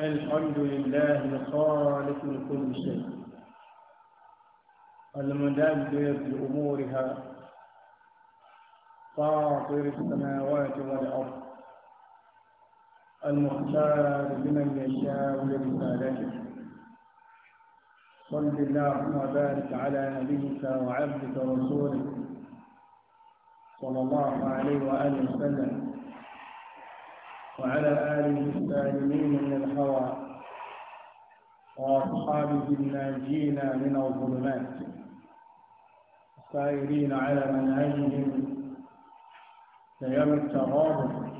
الحمد لله خالق كل شيء المدبر لأمورها فاطر السماوات والأرض المختار لمن يشاء لرسالته صل اللهم وبارك على نبيك وعبدك ورسولك صلى الله عليه وآله وسلم وعلى آله السالمين من الهوى وأصحابه الناجين من الظلمات السائرين على منهجهم ليوم التغاضب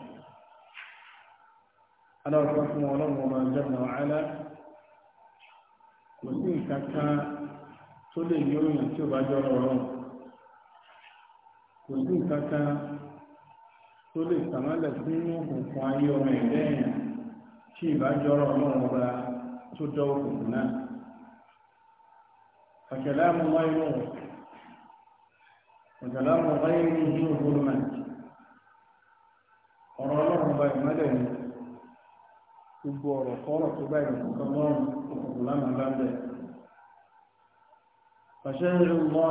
على الرحمة والرحمة جل وعلا kò sí nǹkan يوم tó lè yóòyàn tí ó tó lè tàmálẹ̀ fún òkùnkùn ayé ọmọ ẹ̀dẹ́ èèyàn tí ìbájọ́rọ̀ ọlọ́run ọba tó dọ́ òkùnkùn náà. ọ̀kẹ̀lá mọ́ wáyé lọ́wọ́ ọ̀kẹ̀lá mọ́ wáyé ní ìlú ògbólómà ọ̀rọ̀ ọlọ́run ọba ìmọ́lẹ̀ ni gbogbo ọ̀rọ̀ kọ́rọ̀ tó bá ìrìnkọ̀kan lọ́rùn òkùnkùn lánàá lábẹ́ فشر الله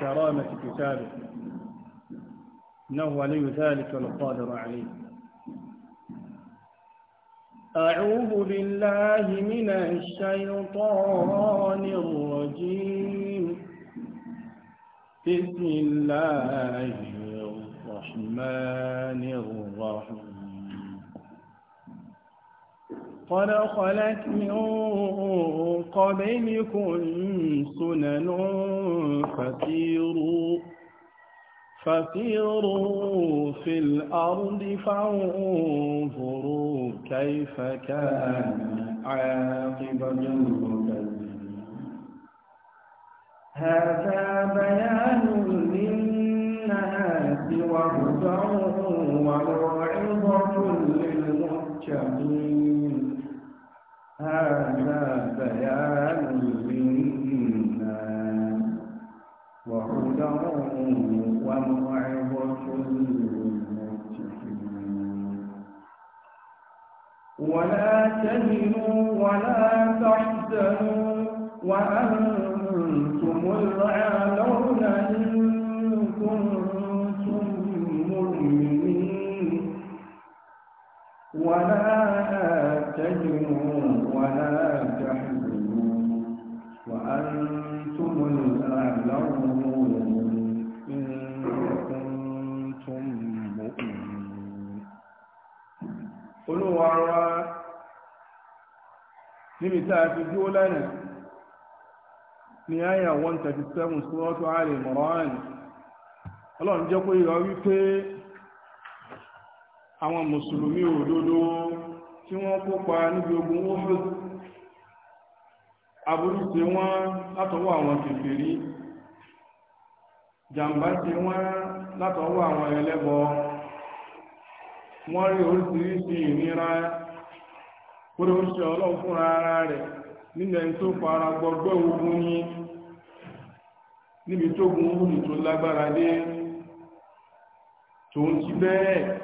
كرامة كتابه إنه ولي ذلك والقادر عليه أعوذ بالله من الشيطان الرجيم بسم الله الرحمن الرحيم قد خلت من قبلكم سنن فسيروا فسيروا في الأرض فانظروا كيف كان عاقبة هذا بيان للناس وهدى وموعظة للمتقين هذا بيان للناس وهدى وموعظة للمتقين ولا تهنوا ولا تحزنوا وأنتم الأعلون إن كنتم مؤمنين ولا تجنوا ولا تحزنوا وأنتم الأعلمون إن كنتم مؤمنين قلوا وراء níbi tá a fi dúó lánàá ní àyà 137 sọ́rọ́tọ̀ àrẹ̀ ọlọ́run jẹ́ pé ìrọ̀ wípé àwọn mùsùlùmí òdodo tí wọ́n kópa níbi ogun Uhud aburú tí wọ́n látọwọ́ àwọn kèfèrí jàǹbá tí wọ́n látọwọ́ àwọn ẹlẹ́bọ wọ́n rí oríṣiríṣi ìnira kúrò ń ṣe ọlọ́fúnra ara rẹ̀ nílẹ̀ tó fara gbọgbẹ́ ogun ní níbi tó gun ogun tó lágbára dé tòun ti bẹ́ẹ̀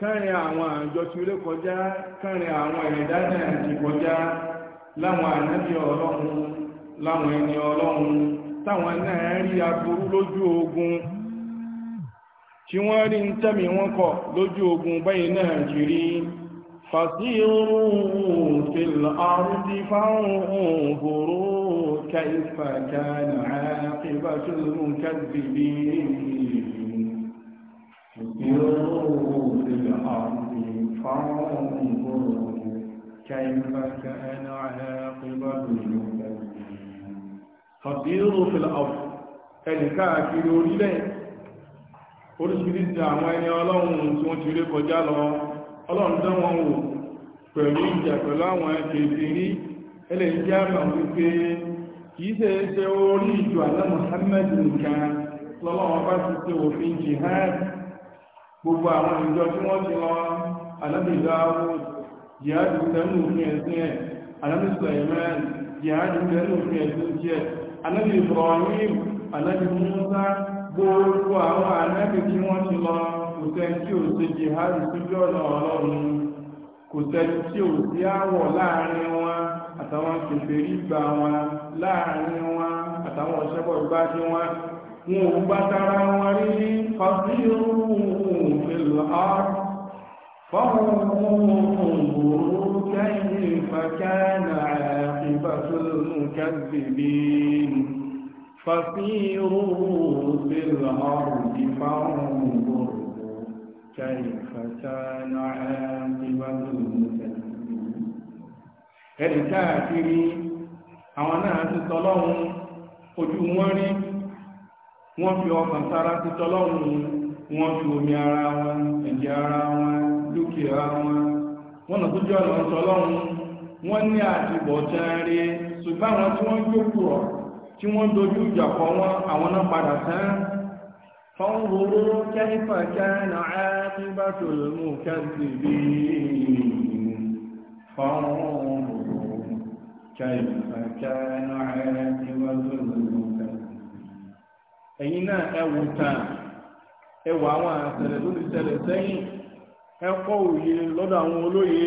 kárin àwọn àjọ tí ó lé kọjá kárin àwọn ẹ̀dá náà ti kọjá láwọn ànábì ọlọ́run láwọn ẹni ọlọ́run táwọn náà rí aburú lójú ogun tí wọ́n rí ń tẹ́mi wọn kọ̀ lójú ogun báyìí náà jì rí fàṣírù fìlà ọ̀rùn ti fáwọn òǹkòrò kẹfà kan àti bàtúrù يروه في الأرض فانظروا كيف كان عاقبة فطيروا في الأرض ẹni káàkiri orílẹ̀ oríṣiríṣi àwọn ẹni ọlọ́run tí wọ́n ti rí kọjá lọ ọlọ́run dán wọn wò pẹ̀lú ìjà pẹ̀lú àwọn kèfì rí ẹlẹ́ ìjẹ́ àmà wípé kìí ṣe ṣe orí ìjọ alẹ́ Muhammad nìkan lọ́wọ́ jihad gbogbo àwọn ìjọ tí wọ́n ti wọ́n alábìdáwò jihadu tẹnu òfin ẹ̀sìn ẹ̀ alábì Sulaiman jihadu tẹnu òfin ẹ̀sìn jẹ́ alábì Ibrahim alábì Musa gbogbo àwọn alábì tí wọ́n ti lọ kò sẹ́ni tí ò ṣe jihadu síjú ọ̀nà ọlọ́run kò tí láàrin wọn àtàwọn gbà wọn láàrin wọn àtàwọn wọn wọn ò gba tara wọn rí ní fàbíyàn òmìnira ààrùn فانظروا كيف كان عاقبة المكذبين فسيروا في الأرض فانظروا كيف كان عاقبة المكذبين ẹ̀rì káàkiri àwọn náà ti sọ lọ́hun ojú wọn rí wọ́n fi ọkàn sára títọ́ lọ́rùn wọ́n fi omi ara wọn ẹ̀jẹ̀ ara wọn dúkìá wọn wọ́n nà tó jẹ́ ọ̀nà ọ̀tọ̀ wọ́n ní àtibọ̀tán rí ṣùgbọ́n àwọn tí wọ́n tí wọ́n dojú ìjà kọ wọn àwọn náà padà tán fọ́nrúurú kẹ́fà kẹ́nà mú fọ́nrúurú kẹ́fà kẹ́nà mú ẹ̀yin náà ẹ wò tán ẹ wò àwọn àṣẹlẹ̀ tó ti ṣẹlẹ̀ sẹ́yìn ẹ kọ́ òye lọ́dọ̀ àwọn olóye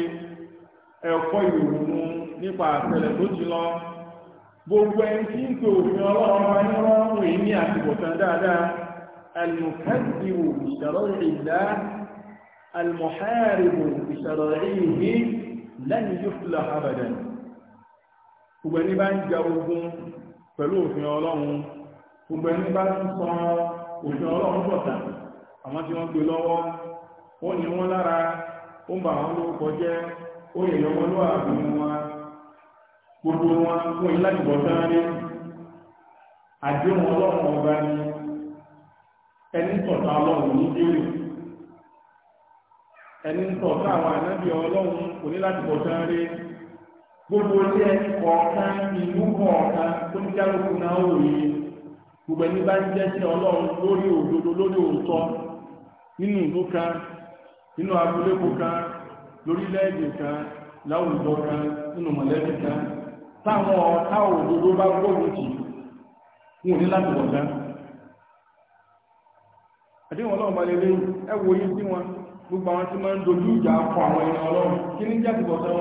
ẹ kọ́ ìrònú nípa àṣẹlẹ̀ tó ti lọ gbogbo ẹni tí ń pe òfin ọlọ́run wa ní rọrùn èyí ní àtìbọ̀tán dáadáa alùpàdìwò ìṣòro ìdá alùmọ̀hárìwò ìṣòro ìhí lẹ́yìn yóò fi lọ àbàdàn gbogbo ẹni bá ń ja ogun pẹ̀lú òfin ọlọ́run gbogbo ẹni bá tún sọ òjò ọlọ́run bọ̀ tán àwọn tí wọ́n gbé lọ́wọ́ ó ní wọn lára ó ń bà lórúkọ jẹ́ ó yẹ ló àbí wọn gbogbo wọn fún ilé àdéhùn ọlọ́run ọba ẹni tọ̀tà ọlọ́run ní ẹni tọ̀tà àwọn ànábì ọlọ́run kò ní láti gbogbo ilé ìlú kọ̀ọ̀kan tó náà gbogbo ẹni bá ń jẹ́sẹ̀ ọlọ́run lórí òdodo lórí òótọ́ nínú ìlú kan nínú abúlékò kan lórílẹ̀-èdè kan láwùjọ kan nínú mọ̀lẹ́bí kan táwọn ọ̀tá òdodo bá gbóòrò jì wọn ò láti wọ̀dá àdéhùn ọlọ́run bá lélẹ́ ẹ wo yí sí wọn gbogbo àwọn tí máa ń dojú ìjà kọ àwọn ènìyàn ọlọ́run kí ní jẹ́ àtìbọ̀tán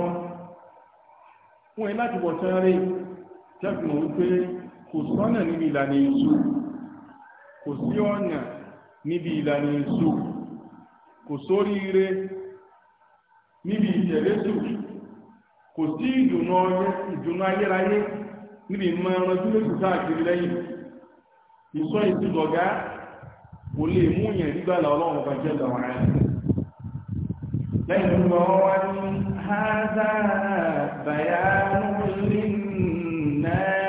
wọn kò sọ́nà níbi ìlànà èṣù kò sí ọ̀nà níbi ìlànà èṣù kò sóríire níbi ìtẹ̀lẹ́sù kò sí ìdùnnú ayérayé níbi ìmọ̀ ẹran tí lè sùn káàkiri lẹ́yìn ìsọ ìsìlọ̀gá kò lè mú yẹn nígbàlá ọlọ́run bá jẹ́ lọ́wọ́ rẹ̀ lẹ́yìn lọ wá ní hádà bàyá lórí náà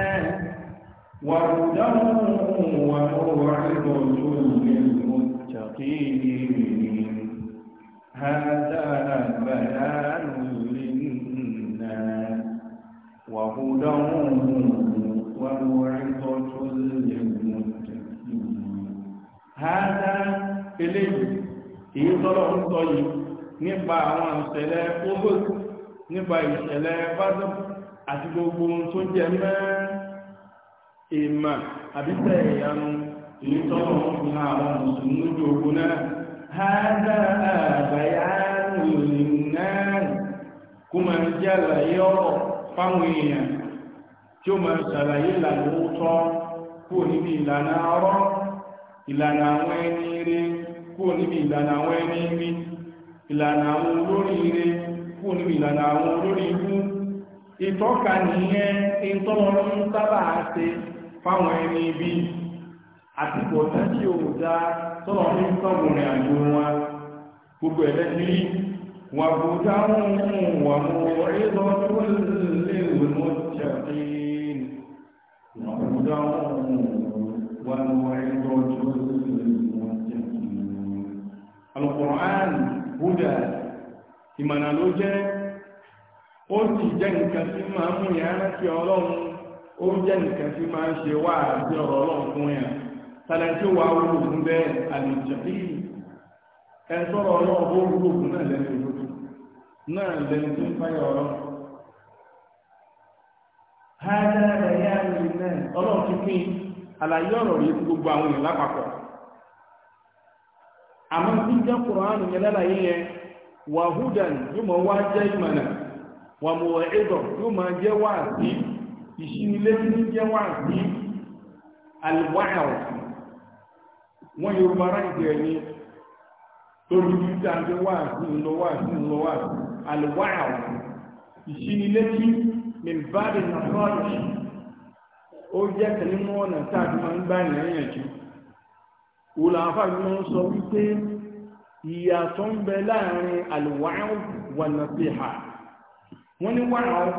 وارتقوا وموعظة للمتقين هذا بيان للناس وهدى وموعظة للمتقين هذا إليه يطلع الطيب nípa àwọn ìṣẹ̀lẹ̀ kóbò nípa ìṣẹ̀lẹ̀ bádọ́ àti gbogbo ohun tó jẹ mẹ́rin ìmà àbísẹ̀ ìyanu ìtọ́nà fún àwọn mùsùlùmí ojú ogun náà hádà àbáyánù náà kó máa jẹ́ àlàyé ọ̀rọ̀ fáwọn èèyàn tí ó máa ṣàlàyé ìlànà òótọ́ kúrò níbi ìlànà ọ̀rọ̀ ìlànà àwọn ẹni ire kúrò níbi ìlànà àwọn ẹni ire ìlànà àwọn olórí ire kúrò níbi ìlànà àwọn olórí ikú ìtọ́ka nìyẹn ìtọ́lọ́rọ́ ń sábà ṣe fáwọn ẹni bí àtìkò ọ̀tá tí ò dá sọ́nà ní sọ́wọ́n rìn àjò wọn gbogbo ẹ̀lẹ́tìrí wà kò dáhùn wà mú ẹ̀rọ tó lè wò mọ́ jàdé wà kò dáhùn wà mú ẹ̀rọ tó lè mọ́ jàdé. Al-Qur'an Buddha ìmọ̀nà ló jẹ́ ó sì jẹ́ nǹkan tí máa mú yàrá sí ọlọ́run O ń jẹ́ nìkan tí máa ń ṣe wá àti ọ̀rọ̀ ọlọ́run fún yàn tàbí wà wúlò fún bẹ́ẹ̀ àlejò bí ẹni sọ̀rọ̀ ọlọ́run bó wúlò fún náà lẹ́nu ìlú náà lẹ́nu tó ń fáyọ̀ mi náà ọlọ́run ti pín àlàyé ọ̀rọ̀ yìí fún gbogbo àwọn èèyàn lápapọ̀. àmọ́ bí jẹ́ kùránù yẹn lálàyé yẹn yóò máa wá jẹ́ ìmọ̀nà ìṣinilétí ní jẹ́ wà ní alwáhàwọ̀ wọ́n yóò mara ìgbẹ̀ ní lórí títà ní wà sí ńlọ wà sí ńlọ wà alwáhàwọ̀ ìṣinilétí ní báàbí na sọ́ọ̀tì ó jẹ́ kẹ́lí mọ́ ọ̀nà táàbí máa ń bá ìrìn àjò wòlò àfà mi máa sọ wípé ìyàtọ̀ ń bẹ láàrin alwáhàwọ̀ wà nàfihà wọ́n ní wàhàwọ̀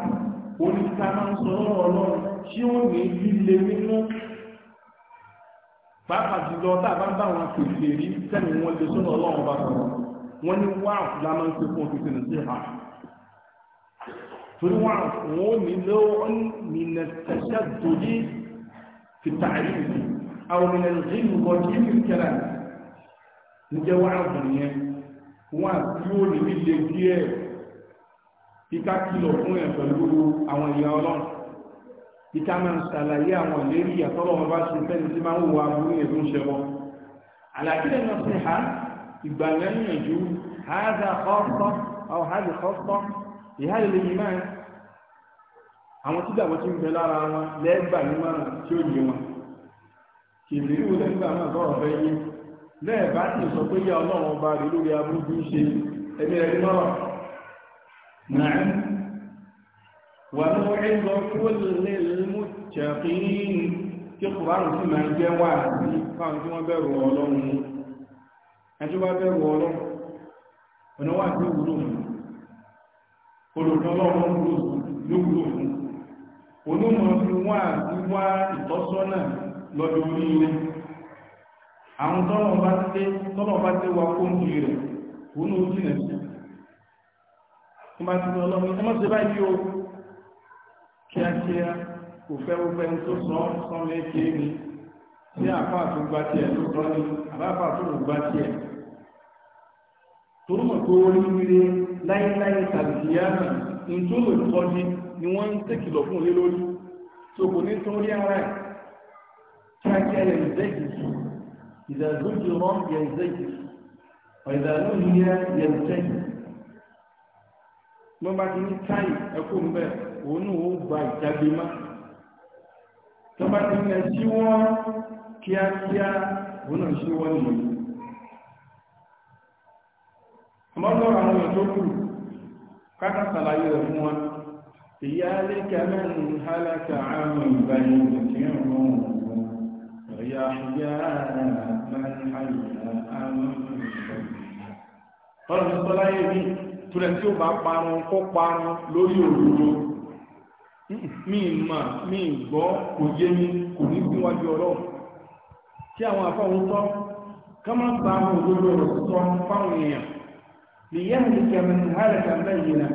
oníta máa ń sọ̀rọ̀ ọlọ́run tí ó ní líle nínú pàápàá jùlọ tá a bá ń bá wọn pèsè rí sẹ́ni wọn lè sọ̀rọ̀ ọlọ́run bá sọ̀rọ̀ wọn ní wáà la máa ń ṣe fún òfin sí ha torí wáà wọn ò ní lọ́wọ́ nínú tẹ̀sẹ̀ dòdì fìtà yìí àwọn ènìyàn yìí ń bọ̀ kí ní kẹlẹ̀ ń jẹ́ wáà bùn yẹn wáà tí ó lè líle díẹ̀ ìka kìlọ̀ fún ẹ̀ pẹ̀lú àwọn ìyá ọlọ́run ìka máa ń ṣàlàyé àwọn ìlérí ìyàtọ́lọ́ wọn bá ṣe fẹ́ni tí máa ń wà burú yẹn tó ń ṣe wọn. àlàyé náà ṣe ha ìgbà lẹ́yìnjú hàdà ọ̀sọ́ ọ̀ hàdì ọ̀sọ́ ìhà ilé yìí máa àwọn tí dàgbọ́ ti ń bẹ lára wọn lẹ́gbà ní márùn tí ó yé wọn kìlìrì wo lẹ́gbà náà sọ̀rọ̀ fẹ́ yé lẹ́ẹ̀ bá sọ pé yá ọlọ́run ọba rẹ̀ lórí abúlé ṣe ẹni ẹni mọ́rọ̀ نعم وموعظة للمتقين kíkùránù sí máa jẹ́ wà ní fáwọn tí wọ́n bẹ̀rù ọlọ́run mú ẹjọ́ bá bẹ̀rù ọlọ́run ọ̀nà wà tí ó wúlò mú olùdánlọ́run ló wúlò mú máa ti lọ lọ́wọ́ ẹ má ṣe báyìí o kíákíá kò fẹ́ ó fẹ́ tó sọ sọ́n lé ké ni sí àpá tó gba tiẹ̀ tó sọ ni àbáfà tó lò gba tiẹ̀ torí mọ̀ pé orí wíre láíláí tàbí ìyáàmì nítorí olùkọ́ni ni wọ́n ń tẹ̀kìlọ̀ fún olé lórí tó kò ní tán rí ara ẹ̀ kíákíá yẹ ìzẹ́jì ìdàgbòjì rán yẹ ìzẹ́jì ọ̀ìdàgbòjì yẹ ìzẹ́jì bí wọ́n bá ti ní táyì ẹ̀kú mbẹ́ òun náà ó gba ìjágbe má tó bá ti ní ẹjí wọ́n kíákíá òun náà ṣe wọ́n nìyí àmọ́ lọ́rọ̀ àwọn èèyàn tó kù káká sàlàyé rẹ̀ fún wa èyí alẹ́ kẹmẹ́rin hálàkà àmì ìbáyé ìdíkẹ́ ọ̀rọ̀ ọ̀yà ìyá àmì àmì ìbáyé ọ̀rọ̀ tura tí ó bá parun kó parun lórí òdodo mi mà mi gbọ́ kò yé mi kò ní síwájú ọ̀rọ̀ kí àwọn afáwọn tọ́ ká má ba àwọn òdodo fáwọn èèyàn mi hàlẹ́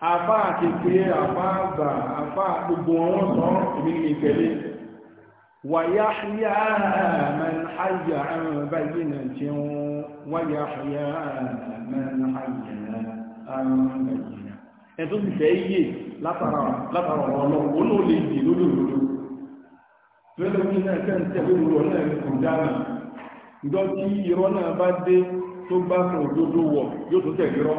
àfá àkèké àfá àgbà àfá gbogbo wọn sọ èmi ní ìtẹ̀lé wàyá ṣíyá man hajjá àwọn báyìí nà tí wọn wáyá man hajjá àwọn báyìí nà ẹ̀tọ́ ti fẹ́ yé látara ọ̀rọ̀ náà ó náà lè dì lólòlòlò lọ́lọ́ ní náà tẹ́ ń tẹ́lé wúrọ̀ náà kò dáná ìjọ tí náà bá dé tó bá fún òdodo wọ̀ yóò tún tẹ̀lé rọ́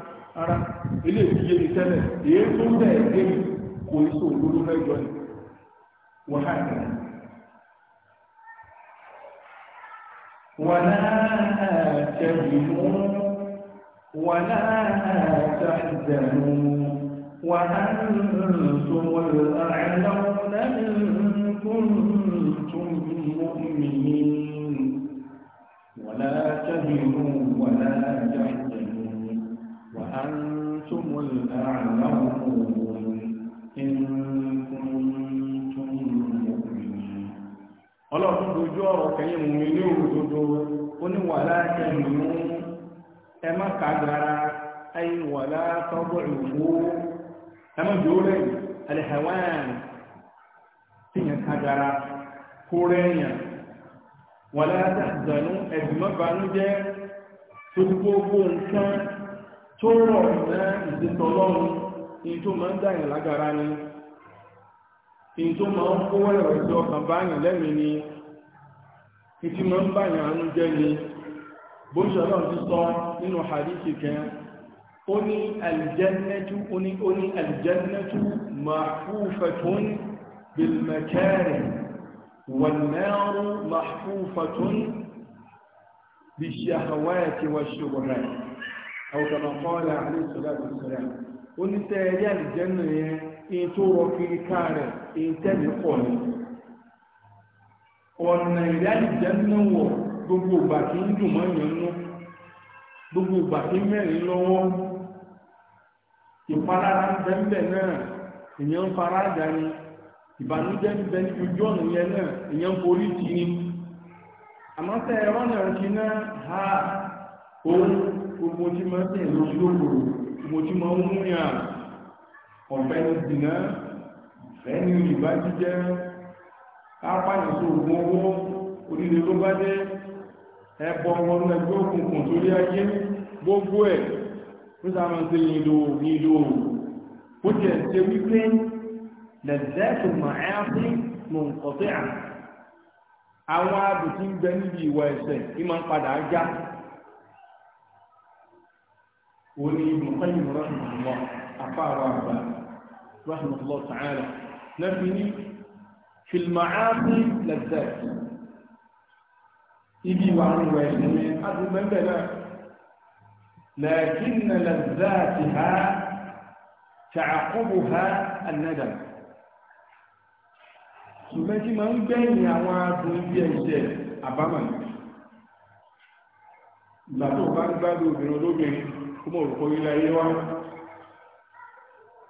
ara ilé ìdíyé mi tẹ́lẹ̀ èyí tó ń bẹ̀rẹ̀ dé kò ní sóun ló ló fẹ́ jọ ni wọ́n á won a ولا تهنوا ولا تحزنوا وأنتم الأعلون إن كنتم مؤمنين ولا تهنوا ولا تحزنوا وأنتم الأعلمون إن كنتم مؤمنين ọlọ́run dojú ọ̀rọ̀ kẹ́yìn mú ilé òdodo ó ní wàhálà ẹ̀mú ẹ má kàgàrà ayé wàhálà tọ́gbọ̀ ìwò ẹ má jòó rẹ̀ alihawaan tíyẹn kàgàrà kó rẹ̀ wàhálà tàzánú ẹ̀dùnmọ́banú jẹ́ tó ti gbogbo nǹkan tó rọ̀ mọ́ ìṣètò ọlọ́run ní tó máa lọ́run in ní tó máa ń kó ẹ̀rọ ìṣe ọkàn báyìn lẹ́mìí ni ní tí máa ń báyìn àánú jẹ́ in bó ṣe lemii ni in tí máa ń báyìn àánú jẹ́ ni bó ṣọ́lọ́ ti sọ nínú hadithi kan ó ní àlìjẹ́nẹ́tú ó ní ó ní àlìjẹ́nẹ́tú mahfufatun bilmakari wal-naru mahfufatun bishahawati ṣe shubuhat àwùjọ kọ́ọ̀lá àdéhùsọ̀lá àdéhùsọ̀lá ó ní tẹ́ ẹ̀rí àlìjẹ́nà yẹn èyí tó rọ kiri ká rẹ̀ èyí tẹ́mi pọ̀ ni ọ̀nà ẹ̀rí àlìjẹ́nà wọ̀ gbogbo ìgbà tí ń dùn mọ́ yẹn nú gbogbo ìgbà tí mẹ́rin lọ́wọ́ ìpalára ń bẹ́ ń bẹ̀ náà èèyàn ń fara dà ní ìbànújẹ́ ń bẹ níbi ojú ọ̀nà yẹn náà èèyàn ń borí tì ní àmọ́ ẹ̀rọ náà ti ná ha òun gbogbo tí máa tẹ̀ lójú lókòrò gbogbo tí máa ń mú yàn ọ̀fẹ́ ní dìnnà ẹni ìbá jíjẹ́ kápáyàn tó gbọ́ owó onílé ló bá dé ẹbọ ọmọ ẹgbẹ́ òkùnkùn torí ayé gbogbo ẹ̀ ló sáà ń ṣe nílò nílò ó jẹ́ ṣe ń kọ̀tẹ́ àwọn àbùtí ń وابن القيم رحمه الله أقار رابا رحمه الله تعالى نفني في المعاصي لذات إبي وعن ويسمين أبو من بلا لكن لذاتها تعقبها الندم سمعتي من بين يا واد بين جد أبا من لا تقبل بالوجود kó mọ̀ òrùkọ ilẹ̀ ayé wa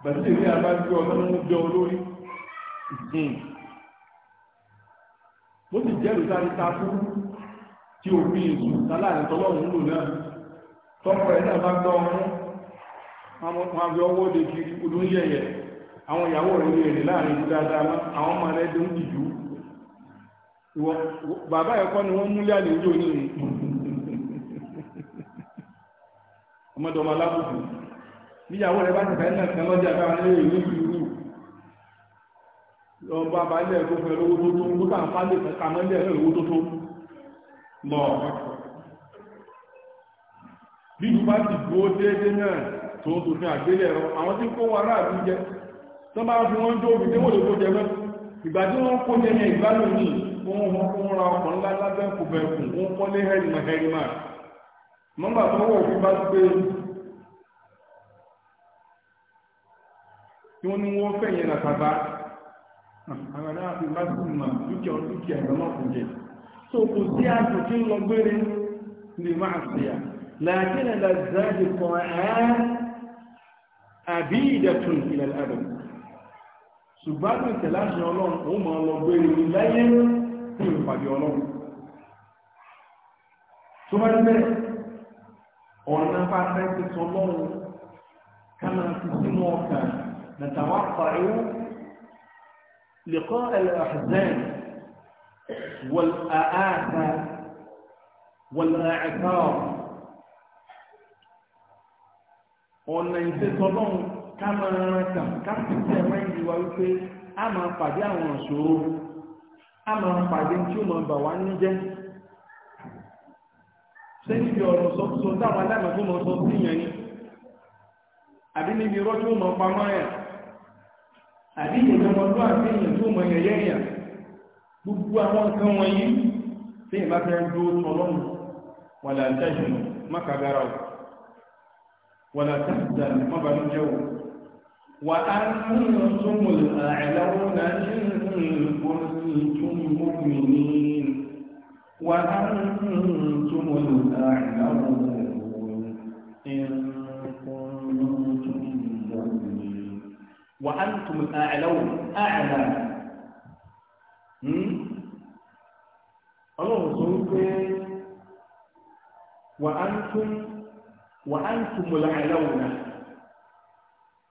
bàtí èmi àbájọ ọlọ́run jẹ́ olórí hmm. mo sì jẹ́ ìlú sáré sáfú tí òfin èsù sáláàrin tọ́lọ́run lò náà tọ́pọ̀ ẹ̀ náà bá gbọ́ ọmọ wọn fi ọwọ́ de kiri olóyẹ̀yẹ̀ àwọn ìyàwó rẹ̀ lè rìn láàrin ìlú dáadáa àwọn ọmọ rẹ̀ dé ń bàbá ẹ̀kọ́ ni wọ́n múlẹ̀ àlejò ní ìlú ọmọdọmọ alábùkù níyàwó rẹ bá ti fẹ́ náà kan lọ́jà bá wọn lé ìwé ìlú lọ bá bá ilé ẹ̀kọ́ fẹ́ lówó tó tó ń gbọ́ta nǹkan lè fẹ́ kàmọ́ ilé ẹ̀kọ́ lówó tó tó lọ bí ìlú bá ti dúró déédéé náà tó ń tòfin àgbélẹ̀ ẹ̀rọ àwọn tí ń kó wọn aráàlú jẹ tó bá fi wọn jó òbí tí wọn lè kó jẹ mọ́ ìgbà tí wọ́n kó jẹ yẹn ìgbà wọ́n wọ́n ra ọkọ̀ ńlá lábẹ́ kò bẹ̀kùn wọ́n kọ́lé hẹ́rìmọ̀ hẹ́rìmọ̀ nọ́mbà tó wọ̀ fún bá gbé tí wọ́n ní wọ́n fẹ́ yẹn làtàbá ah, àwọn ará fi bá sì mà dúkìá dúkìá lọ́nà kò jẹ tó kò sí àjò tí ń lọ gbére lè máa ṣe à láàkín ẹ̀dà záàdì kan àbí ìdẹ̀tún ilẹ̀ àdùn ṣùgbọ́n àti ìtẹ̀láṣẹ ọlọ́run òun máa lọ gbére láyé fún ìpàdé ọlọ́run tó bá dé bẹ́ẹ̀ ọ̀nà pàṣẹ ti sọ lọ́wọ́ kánà ti sínú ọkàn nàtàwá pàrọ̀ لقاء الأحزان والآثى والأعثار ọ̀nà ìṣètọ́lọ́hún ká máa ń kà ká sì tẹ̀ mẹ́rin wa wípé a máa pàdé àwọn ìṣòro a máa pàdé tí ó máa bà wá níjẹ́ ṣé níbi ọ̀rọ̀ sọ́kúsọ táwọn aláìmọ̀ tó mọ̀ sọ sí yẹn ni àbí níbi irọ́ tí ó mọ̀ pamọ́ yẹn àbí ìyẹ̀dọ́mọdún àti èèyàn tó mọ̀ yẹ̀yẹ́ yẹn gbogbo àwọn nǹkan wọ̀nyí tí ìbá fẹ́ dúró tọ́lọ́mù wà látẹ́jùnù mọ́kàgára wà látẹ́jùnù mọ́bàlújẹ́ o wà á ń tún mọ̀ àìlọ́wọ́ وأنتم الأعلمون إن كنتم مؤمنين وأنتم الأعلون أعلى الله سبحانه وأنتم وأنتم العلون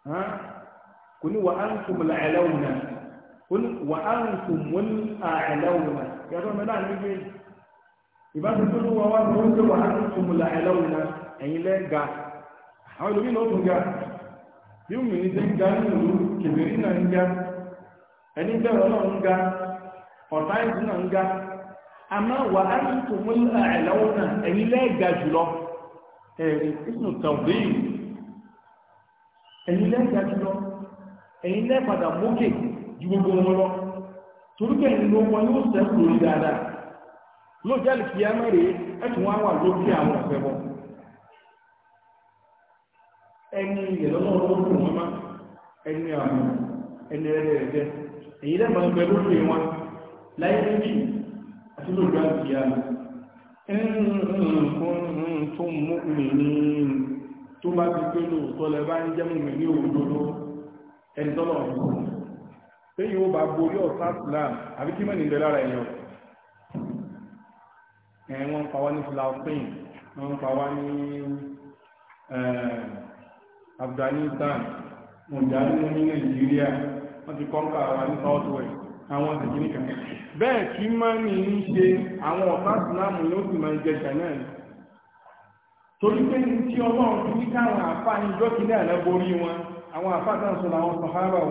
ها قل وأنتم الأعلون قل وأنتم الأعلون يا رب ما نعمل إيه؟ ìbáṣe tutu ló wà wá ní oúnjẹ wà láti tó mú làálẹ́ òun náà ẹ̀yin lẹ́ ga ga bí òun ní ṣe ga ní ìlú kèbèrè náà ń ẹni ga ga padà mókè wọn lọ wọn lójú àlùkí ẹmọ rèé ẹtù wọn wà lókè àwọn ọ̀fẹ́ bọ̀ ẹni ìrọ̀lọ́ ọlọ́run wọn má ẹni àmì ẹni ẹrẹ ẹ̀jẹ̀ èyí lẹ́mọ̀ ẹgbẹ́ lókè wọn láyé méjì àti lójú àlùkí ẹmọ nǹkan tó mú mi ní tó bá ti pé lóòótọ́ lẹ bá ń jẹ́ mú mi ní òdodo ẹni tọ́lọ̀ ọ̀hún pé yóò bá borí ọ̀sán islam àbí kí mọ̀ nílẹ̀ lára ẹ̀yàn wọ́n ń pa wá ní Philippines wọ́n ń pa wá ní eh, Afghanistan mọ̀jáde ní Nàìjíríà wọ́n ti kọ́ńkà wá ní South West àwọn ìdíjì nìkan bẹ́ẹ̀ kí máa ní í ṣe àwọn ọ̀tá ìsìláàmù yóò sì máa jẹ ìjà náà torí pé ní tí ọlọ́run ti ní káwọn àfáà ní ìjọ́ kìíní àná borí wọn àwọn àfáà kan sọ làwọn sọ̀hárà o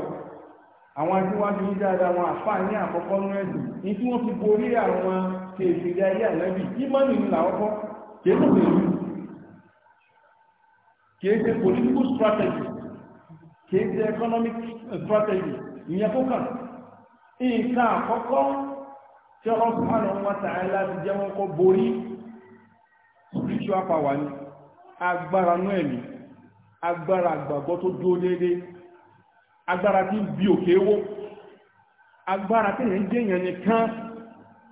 àwọn aṣíwájú ní dáadáa àwọn àfáà ní àkọ́kọ́ nú ẹ̀sìn ní tí wọ́n fi borí àwọn ṣe ìfìdí ayé ànábì ìmọ̀nì ní làwọn kọ́ kìí ṣe pẹ̀lú kìí ṣe political strategy kìí ṣe economic strategy ìyẹn kó kàn nǹkan àkọ́kọ́ tí ọlọ́run subhanahu wa ta'ala ti jẹ́ wọn kọ́ borí spiritual power ni agbára nú ẹ̀mí agbára àgbàgbọ́ tó dúró déédéé agbára tí ń bi òkè wó agbára tí èèyàn jẹ́ èèyàn nìkan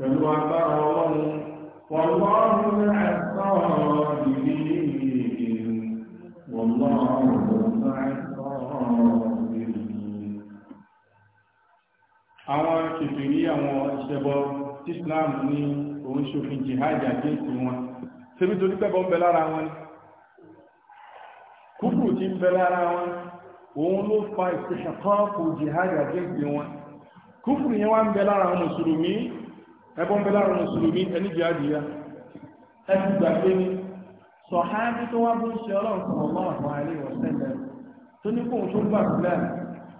pẹ̀lú agbára ọlọ́run wọ́n lọ́rùn ní àìsàn ọ̀rọ̀ ìlú ìrìn wọ́n lọ́rùn ní àìsàn ọ̀rọ̀ ìrìn. àwọn kìfìrí àwọn ìṣẹ̀bọ Islam ní òun ṣòfin jihad àgbéǹtì wọn ṣebí torí pẹ́bọ ń bẹ lára wọn ni kúkú ń bẹ lára wọn òun ló fa ìpèsè kan kò jihad wọn kúkú yẹn wá ń bẹ lára wọn mùsùlùmí ẹbọn bẹ́ẹ̀ láàrin mùsùlùmí ẹni jẹ́ àdìyà ẹni gbàgbé ni sọ̀háájú tó wá bó ń ṣe ọlọ́run sọ̀rọ̀ mọ́ àwọn àìlè ìwọ̀sẹ̀lẹ̀ tó ní kóhun tó gbà sílẹ̀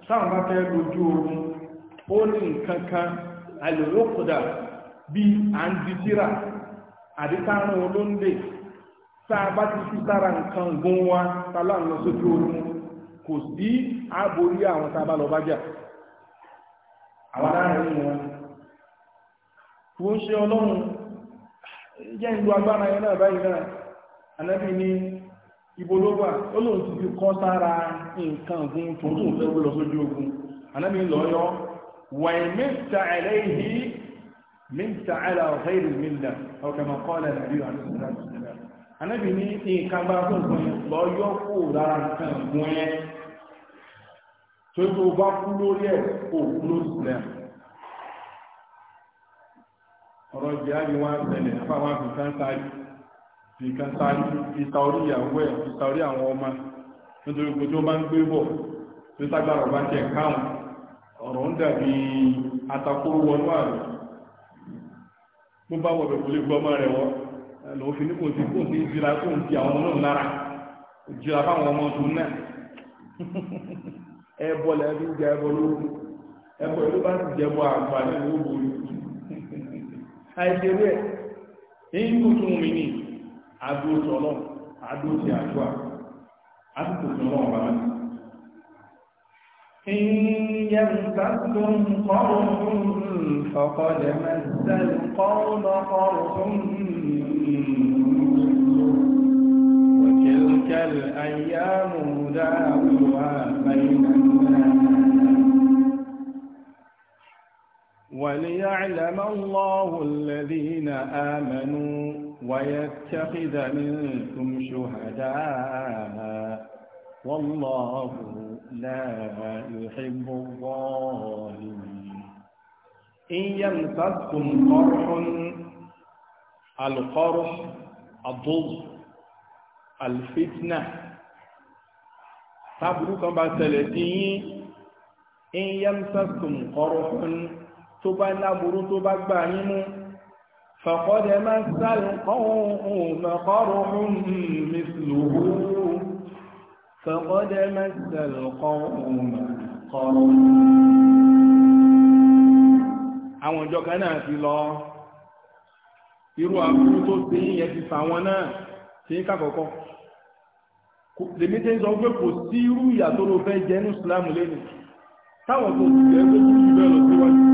táwọn bá fẹ́ lójú oorun ó ní nǹkan kan àlòrókòdà bí àǹdìtìrà àdìtàrún olóńdè tá a bá ti fi sára nǹkan gún wa tá a lọ sójú oorun kò sí àborí àwọn tá a bá lọ bá jà àwọn aláàárín wọn wo ṣe ọlọ́run jẹ́ ìlú agbára ẹ̀ náà báyìí náà anábì ní ibo ó ọ ti fi kọ́ sára nǹkan ogun tó ń fẹ́ lọ sójú ogun anábì ń lọ yọ wàyí mẹ́ta mẹ́ta ẹ̀là ọ̀fẹ́ ìlú mẹ́ta ọ̀rọ̀ jihadi wọn ṣẹlẹ̀ apá wọn fi kan sáré fi kan sáré fi ta orí ìyàwó ẹ̀ fi ta orí àwọn ọmọ nítorí pé tí wọ́n bá ń gbé bọ̀ tó tágbára ọba tiẹ̀ káwọn ọ̀rọ̀ ń dàbí atakóró wọnú àrùn tó bá wọ̀ bẹ̀ kò lè gbọ́ ọmọ rẹ̀ wọ́ lọ́wọ́ fi ní kò sí kò sí ìjìlá tó ń fi àwọn náà lára ìjìlá fáwọn ọmọ tó náà ẹbọ lẹ́bí jẹ́ ẹbọ lóru ẹbọ ìlú bá ti jẹ́ ẹbọ àgbà ní ìwé òbòrò àìṣeré ẹ̀ ní kò tún mi ní agbóṣọ́lọ́ agbóṣe àjúwà àtìkò tún lọ́wọ́ bàbá يمسكم قرح فقد مس القوم قرح وتلك الأيام داولها بين الناس وليعلم الله الذين آمنوا ويتخذ منكم شهداء والله لا يحب الظالمين إن يمسكم قرح القرح الضر الفتنة تبرك بسلتي إن يمسكم قرح tó bá láburú tó bá gbà yín mú fọ̀kọ́dẹ̀ máa ń sáré kọ́hún mẹ́kọ́rùn-ún mìsìlùú fọ̀kọ́dẹ̀ máa ń sáré kọ́hún mẹ́kọ́rùn-ún àwọn ìjọ kan náà ti lọ irú àbúrú tó ti yẹ ti fà wọn náà ṣe é kàkọ́kọ́ lèmi tẹ́ ń sọ pé kò sí irú ìyà ló fẹ́ jẹ́ ní ìsìlámù lẹ́nu táwọn tó ti jẹ́ tó ti jù bẹ́ẹ̀ lọ síwájú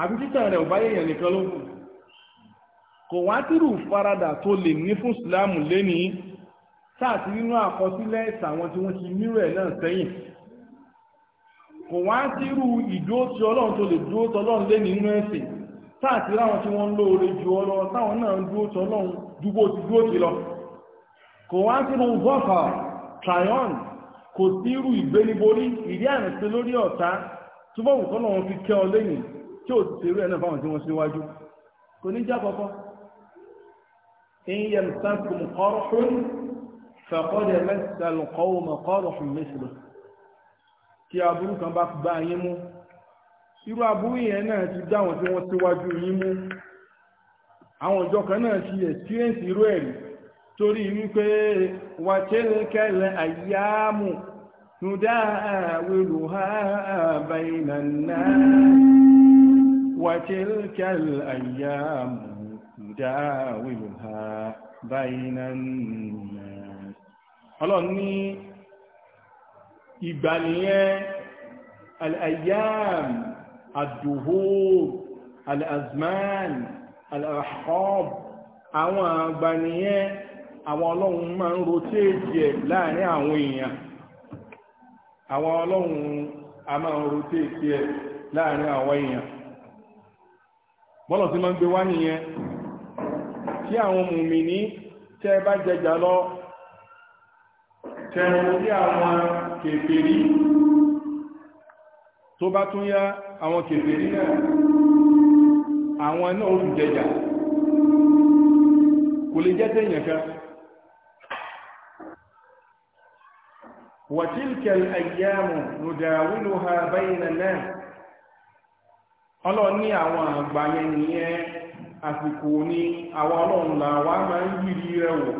àbí títà rẹ̀ ò bá yẹ̀yàn nìkan ló kù kò wá tírù faradà tó lè ní fún ìsìláàmù lẹ́ni sáàtì nínú àkọsílẹ̀ ẹ̀sà àwọn tí wọ́n ti mírò ẹ̀ náà sẹ́yìn kò wá tírù ìdúró tí ọlọ́run tó lè dúró tọlọ́run lẹ́ni nínú ẹ̀sìn sáàtì láwọn tí wọ́n ń lóore ju ọlọ́run táwọn náà ń dúró tọlọ́run dúgbò ti dúró ti lọ kò wá tírù vọ́fà triumph kò tírù ìgbéniborí ìdí àrẹ̀sẹ̀ lórí ọ̀tá túbọ̀ wù fi kẹ́ ọ lẹ́yìn tí ò ti rú ẹ̀ náà fáwọn tí wọ́n síwájú kò ní já kọ́kọ́ in yamsakum qarhun faqad massal qawma qarhun mithluhu tí aburú kan bá gbá yín mú irú aburú yẹn náà ti dá àwọn tí wọ́n síwájú yín mú àwọn ìjọ kan náà ti experience irú ẹ̀rí torí wípé wàtílkẹ́lẹ̀ àyámù nùdá àwèrò ha bàyìnà náà وتلك الأيام نداولها بين الناس ọlọ́run ní ìgbà nìyẹn al-ayyam ad-duhur al-azman al-ahqab àwọn àgbà nìyẹn àwọn ọlọ́run máa ń rotéèjì ẹ̀ láàrin àwọn èèyàn àwọn ọlọ́run a máa ń rotéèjì ẹ̀ láàrin àwọn èèyàn bọ́lọ̀ tí máa ń gbé wá nìyẹn tí àwọn mùmìnì tẹ́ bá jẹjà lọ tẹ́ orí àwọn kèfèrí tó bá tún yá àwọn kèfèrí náà àwọn náà ó jẹjà kò lè jẹ́ tẹ́yìn kan وتلك الأيام نداولها بين الناس ọlọ́run ní àwọn àgbà yẹn nìyẹn àsìkò ní àwa ọlọ́run là wá máa ń yìrì rẹ̀ wò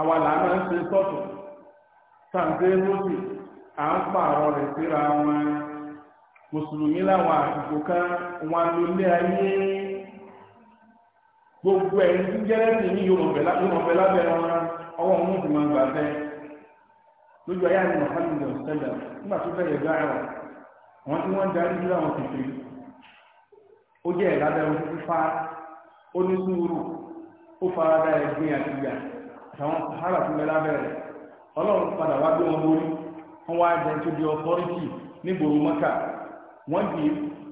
àwa là máa ń ṣe sọ́tọ̀ tàǹtẹ́ lóṣù à ń pààrọ̀ rẹ̀ síra wọn mùsùlùmí láwọn àsìkò kan wọn ló lé ayé gbogbo ẹni tí ní yóò lábẹ́ wọn ọwọ́ wọn máa gbà lójú ayé nígbà tó wọn ó jẹ́ ìdábẹ́ ojú fífá ó a sùúrù ó farada ẹ̀gbìn àti ya àtàwọn sàhárà tó mẹ́lá ọlọ́run padà wá bí wọn borí wọn wá jẹ tó di ọtọ́rìtì nígboro mọ́kà wọ́n di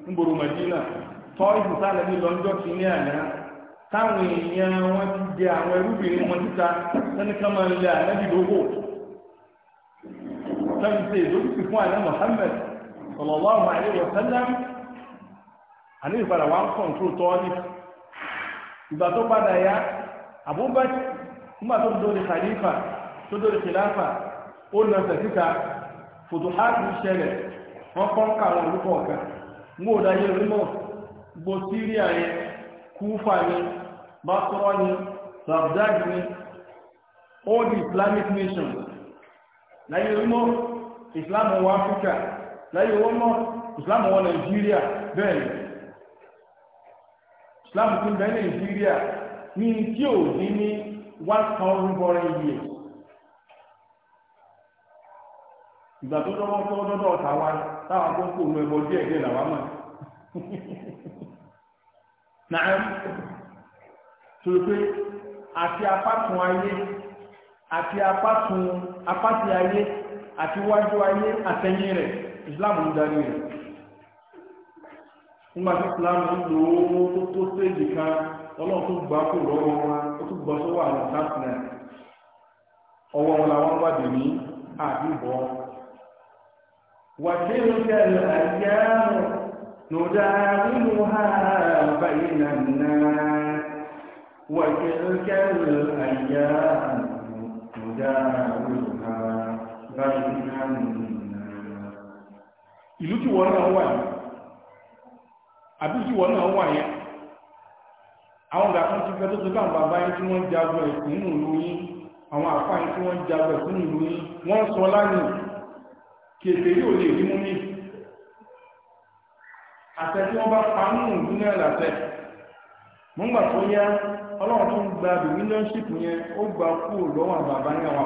nígboro mẹ́dínà tọ́ ìfúsálẹ̀ ní lọ́njọ́ kìíní àná táwọn èèyàn wọn ti jẹ àwọn ẹrúbìnrin wọn títa sẹ́nìkan máa ń lẹ lóko àníbi padà wà ń kọ̀ǹtró tọ́ọ́lì ìgbà tó padà ya Abubakar nígbà tó dórí khalifa tó dórí khilafa ó lọ sẹ̀ síta fòtòhátì ṣẹlẹ̀ wọ́n kọ́ ń ka àwọn olùkọ́ ọ̀kan ń wò dáyé onímọ̀ gbogbo síríà yẹn kúfà ni basra ni all islamic nations láyé onímọ̀ islam wọ áfíríkà láyé onímọ̀ islam wọ nàìjíríà bẹ́ẹ̀ ni islam ti ń bẹ ní nàìjíríà ní tí ò ní ní one thousand foreign years ìgbà tó lọ́wọ́ tó dọ́dọ̀ ọ̀tá wa tó ń kó ohun díẹ̀ díẹ̀ làwa mọ̀ náà tó pé àti apákan ayé àti ayé àti wájú ayé àtẹ̀yìn rẹ̀ islam ń darí nígbà tí ìsìlámù ń lò ó tó tó séèjì kan ọlọ́run tó gbà kó lọ́wọ́ wọn ó tó gbọ́ sọ́wọ́ àwọn táàtìlẹ̀ ọwọ́ wọn làwọn wà dé ní àdúgbò وتلك الأيام نداولها ìlú tí wọ́n náà wà àbí kí wọn náà wà yẹn àwọn gàkan ti fẹ́ tó tó káwọn bàbá yín tí wọ́n jagun ẹ̀sìn nínú ìlú àwọn àfáà tí wọ́n jagun ẹ̀sìn nínú ìlú wọ́n sọ lánàá kí yóò lè rí mú mi àtẹ tí wọ́n bá pa náà làtẹ gbà tó yá ọlọ́run tó ń gba yẹn ó gba kú lọ́wọ́ bàbá àwọn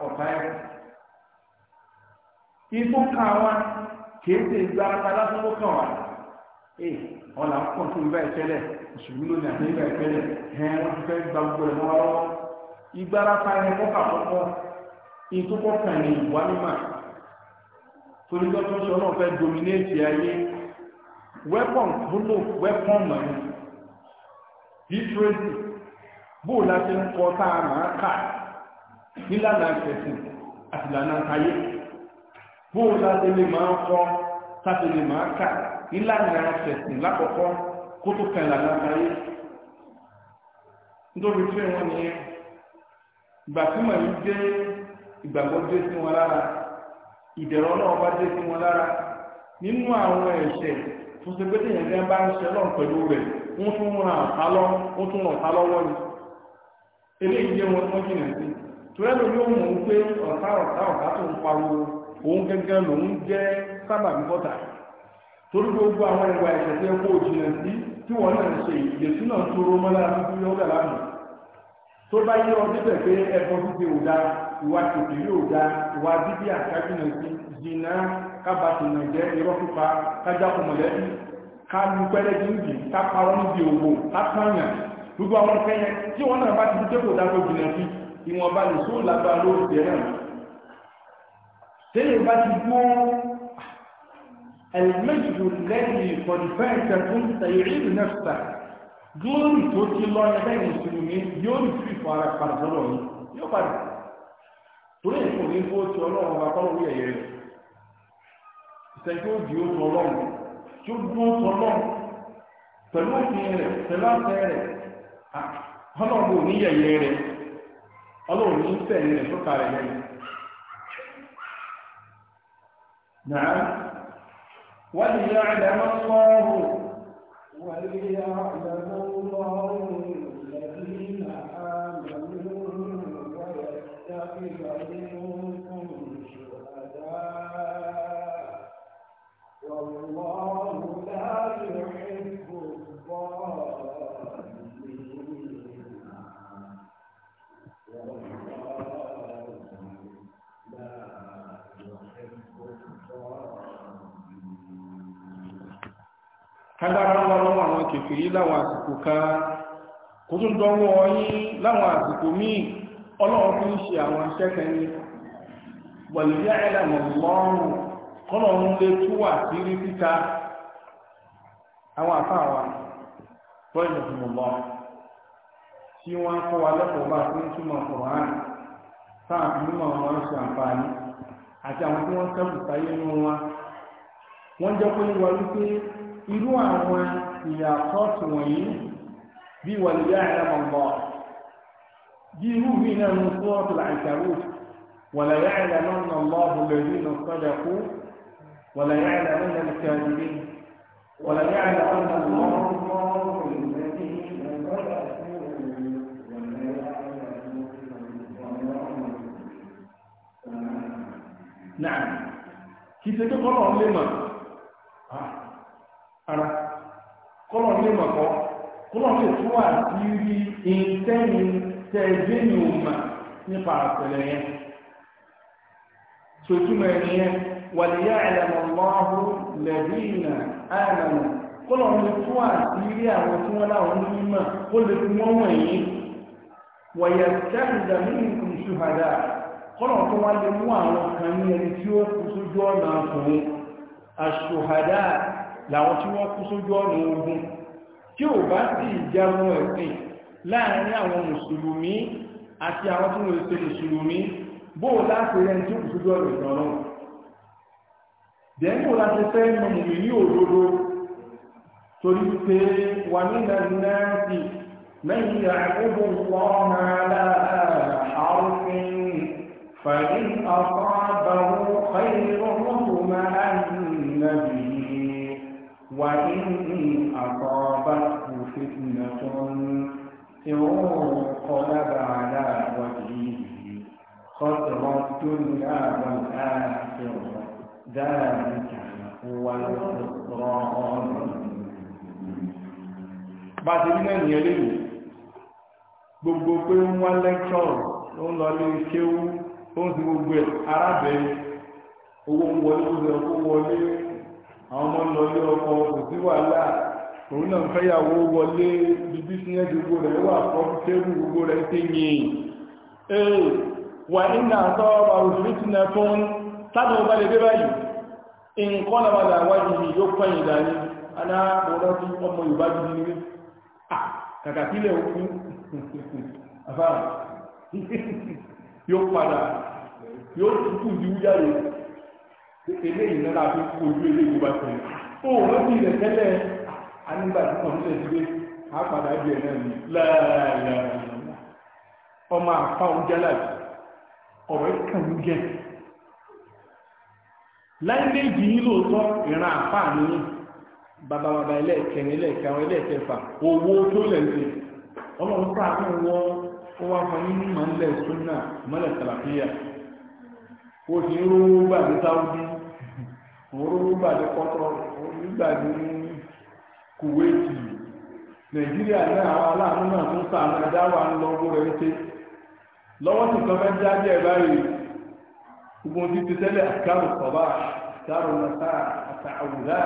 àfáà ó kìí ṣe ìgbà ara lásán ló kàn wá ee ọ̀là ń pọ̀ tó ìgbà ịba mùsùlùmí ló ní àti ìgbà ìtẹ́lẹ̀ ẹ̀ẹ́n wọ́n ti fẹ́ gba gbogbo ẹ̀ mọ́ ọ́ ìgbà ara fa ẹni kọ́kà kàn ní ìwà mímà náà fẹ́ dominate ayé weapon bóun láti lè máa ń kọ́ láti lè máa kà ìlànà ẹ̀sìn lákọ̀ọ́kọ́ kó tó kan ìlànà nítorí pé wọ́n ní ìgbà tí màá yí dé ìgbàgbọ́ dé sí wọn lára ìdẹ̀rọ̀ náà bá dé sí wọn lára nínú àwọn ẹ̀ṣẹ̀ tó ṣe pé téèyàn bá ń ṣe lọ́n pẹ̀lú rẹ̀ wọ́n tún ràn wọ́n tún ràn lọ́wọ́ ni eléyìí òun gẹ́gẹ́ lòun jẹ́ sábà bíkọ́tà torí gbogbo àwọn ìwà ẹ̀ṣẹ̀ tí ẹ kó sí tí wọ́n náà ṣe ìdèsí náà tó rọ mọ́ lára fífi yọ́gà tó bá yẹ ọdún bẹ̀ pé ti ò da ìwà tòkì yóò da ìwà bíbí àkájìnà sí jìnà kábàtìnà jẹ́ irọ́ pípa kájákùn mọ̀lẹ́bí ká lu pẹ́lẹ́jì ń bì ká òwò ká pààyàn gbogbo àwọn tí wọ́n náà bá ti dé kò dá tẹ́lẹ̀ bá ti gbọ́ ẹ̀lẹ́jù lẹ́yìn ìfọ̀dùfẹ́ ìtẹ̀kùn tẹ̀yìrì nẹ́fẹ̀ẹ́ glóòrì tó ti lọ ẹgbẹ́ ìmùsùlùmí yóò ní fi fọ ara padà sọ́dọ̀ yìí yóò padà torí ìfò ní kó ti ọlọ́run bá tọ́wọ́ wí ẹ̀yẹ rẹ̀ ìṣẹ́jú òdì ó tọ ọlọ́run tí ó dúró tọ ọlọ́run pẹ̀lú òfin rẹ̀ pẹ̀lú àṣẹ rẹ̀ ọlọ́run ò ní yẹ̀yẹ rẹ̀ ọlọ́run ní fẹ̀yìn rẹ̀ tó kà yẹ̀yẹ نعم وليعلم الله وليعلم الله kágbára ń àwọn kèfèrí láwọn àsìkò kan kó tún dánwọ́ yín láwọn àsìkò míì ọlọ́run fi ṣe àwọn iṣẹ́ kan ní wa lẹ́kọ̀ọ́ bá fún wọn ṣe àǹfààní àti àwọn tí wọ́n sẹ́kù wọn wọ́n jẹ́ pé irú àwọn ìyàtọ̀ tí wọ̀nyí bí wàlúùyá àlámọ̀lọ́ bí irú mi náà mú sọ́ọ̀tù àìsàrò wàlúùyá àlámọ̀lọ́ lórí nà sọ́dọ̀kú wàlúùyá àlámọ̀lọ́ kẹ́rìndé wàlúùyá àlámọ̀lọ́. نعم كي تتقرأ لمن ara kọ́lọ̀ ní mọ̀kọ́ kọ́lọ̀ lè tún wà sí rí ìtẹ́yìn tẹ̀gbẹ́ ní òmà nípa àpẹẹrẹ yẹn sojúmọ̀ ẹni yẹn wàlíyá ẹ̀lẹ́mọ̀lọ́hù lẹ́bìnà ààrẹ kọ́lọ̀ lè tún wà sí rí àwọn tí wọ́n láwọn ní mímọ̀ kó lè fi wọ́n wọ̀nyí wọ̀yẹ̀ kẹ́rìndà nínú ìṣúhàdà kọ́lọ̀ tó wá lè mú àwọn kan ní ẹni tí ó kú sójú ọ̀nà àkùnrin àṣùhàdà làwọn tí wọ́n kú sójú ọ̀nà ogun tí ò bá sì jagun ẹ̀sìn láàrin àwọn mùsùlùmí àti àwọn tí wọ́n ṣe mùsùlùmí bóò láti rẹ̀ tí ó kù sójú ọ̀nà ìtàn náà dẹ́gbò láti fẹ́ mọ̀mùmí ní òdodo torí pé wà nígbà náà sì من يعبد الله على حرف فإن أصابه خير اطمأن به وإن أصابته فتنة انقلب على وجهه خسر الدنيا والآخرة ذلك هو الخسران bàtí nínú ènìyàn léwu gbogbo pé ń wá lẹ́kṣọ̀rọ̀ ó ń lọ lé kéwú ó ń sin gbogbo ẹ̀ arábẹ́rẹ́ owó ń wọlé ó ń sọ kó wọlé àwọn ọmọ lọ ilé ọkọ kò sí wàhálà òun náà fẹ́yàwó wọlé bí bísíǹnẹ́sì gbogbo rẹ̀ wà fọ́fíṣẹ́rù gbogbo rẹ̀ ti yìn wà ọba lè dé báyìí nǹkan náà wàdà wájú yìí yóò pẹ́yìn dání aná mo ọmọ Yorùbá nílé kàkà sílẹ̀ òkú yóò padà yóò tutù eléyìí náà láti kú ojú eléyìí bó bá ó wọ́n ti rẹ̀ tẹ́lẹ̀ anígbà tí wọ́n nílẹ̀ sílé á padà bí ẹ̀ náà ní ọmọ àfa oúnjẹ láti ọ̀rọ̀ ẹ̀ka oúnjẹ láńgbèjì yìí lóòótọ́ ìran àfa mi bàbá bàbá ẹlẹ́ẹ̀kẹrin ẹlẹ́ẹ̀kẹrin ẹlẹ́ẹ̀kẹfà owó tó lẹ̀ ń ó ti ń rówó òun ló gbà ní kọ́tọ́ òun ló ní àwọn aláàánú náà sàánú wa ń lọ owó rẹ̀ ń kan fẹ́ jáde ẹ̀ báyìí gbogbo ti ti tẹ́lẹ̀ àkàrò sọ̀bà àkàrò nàta àtàwùdá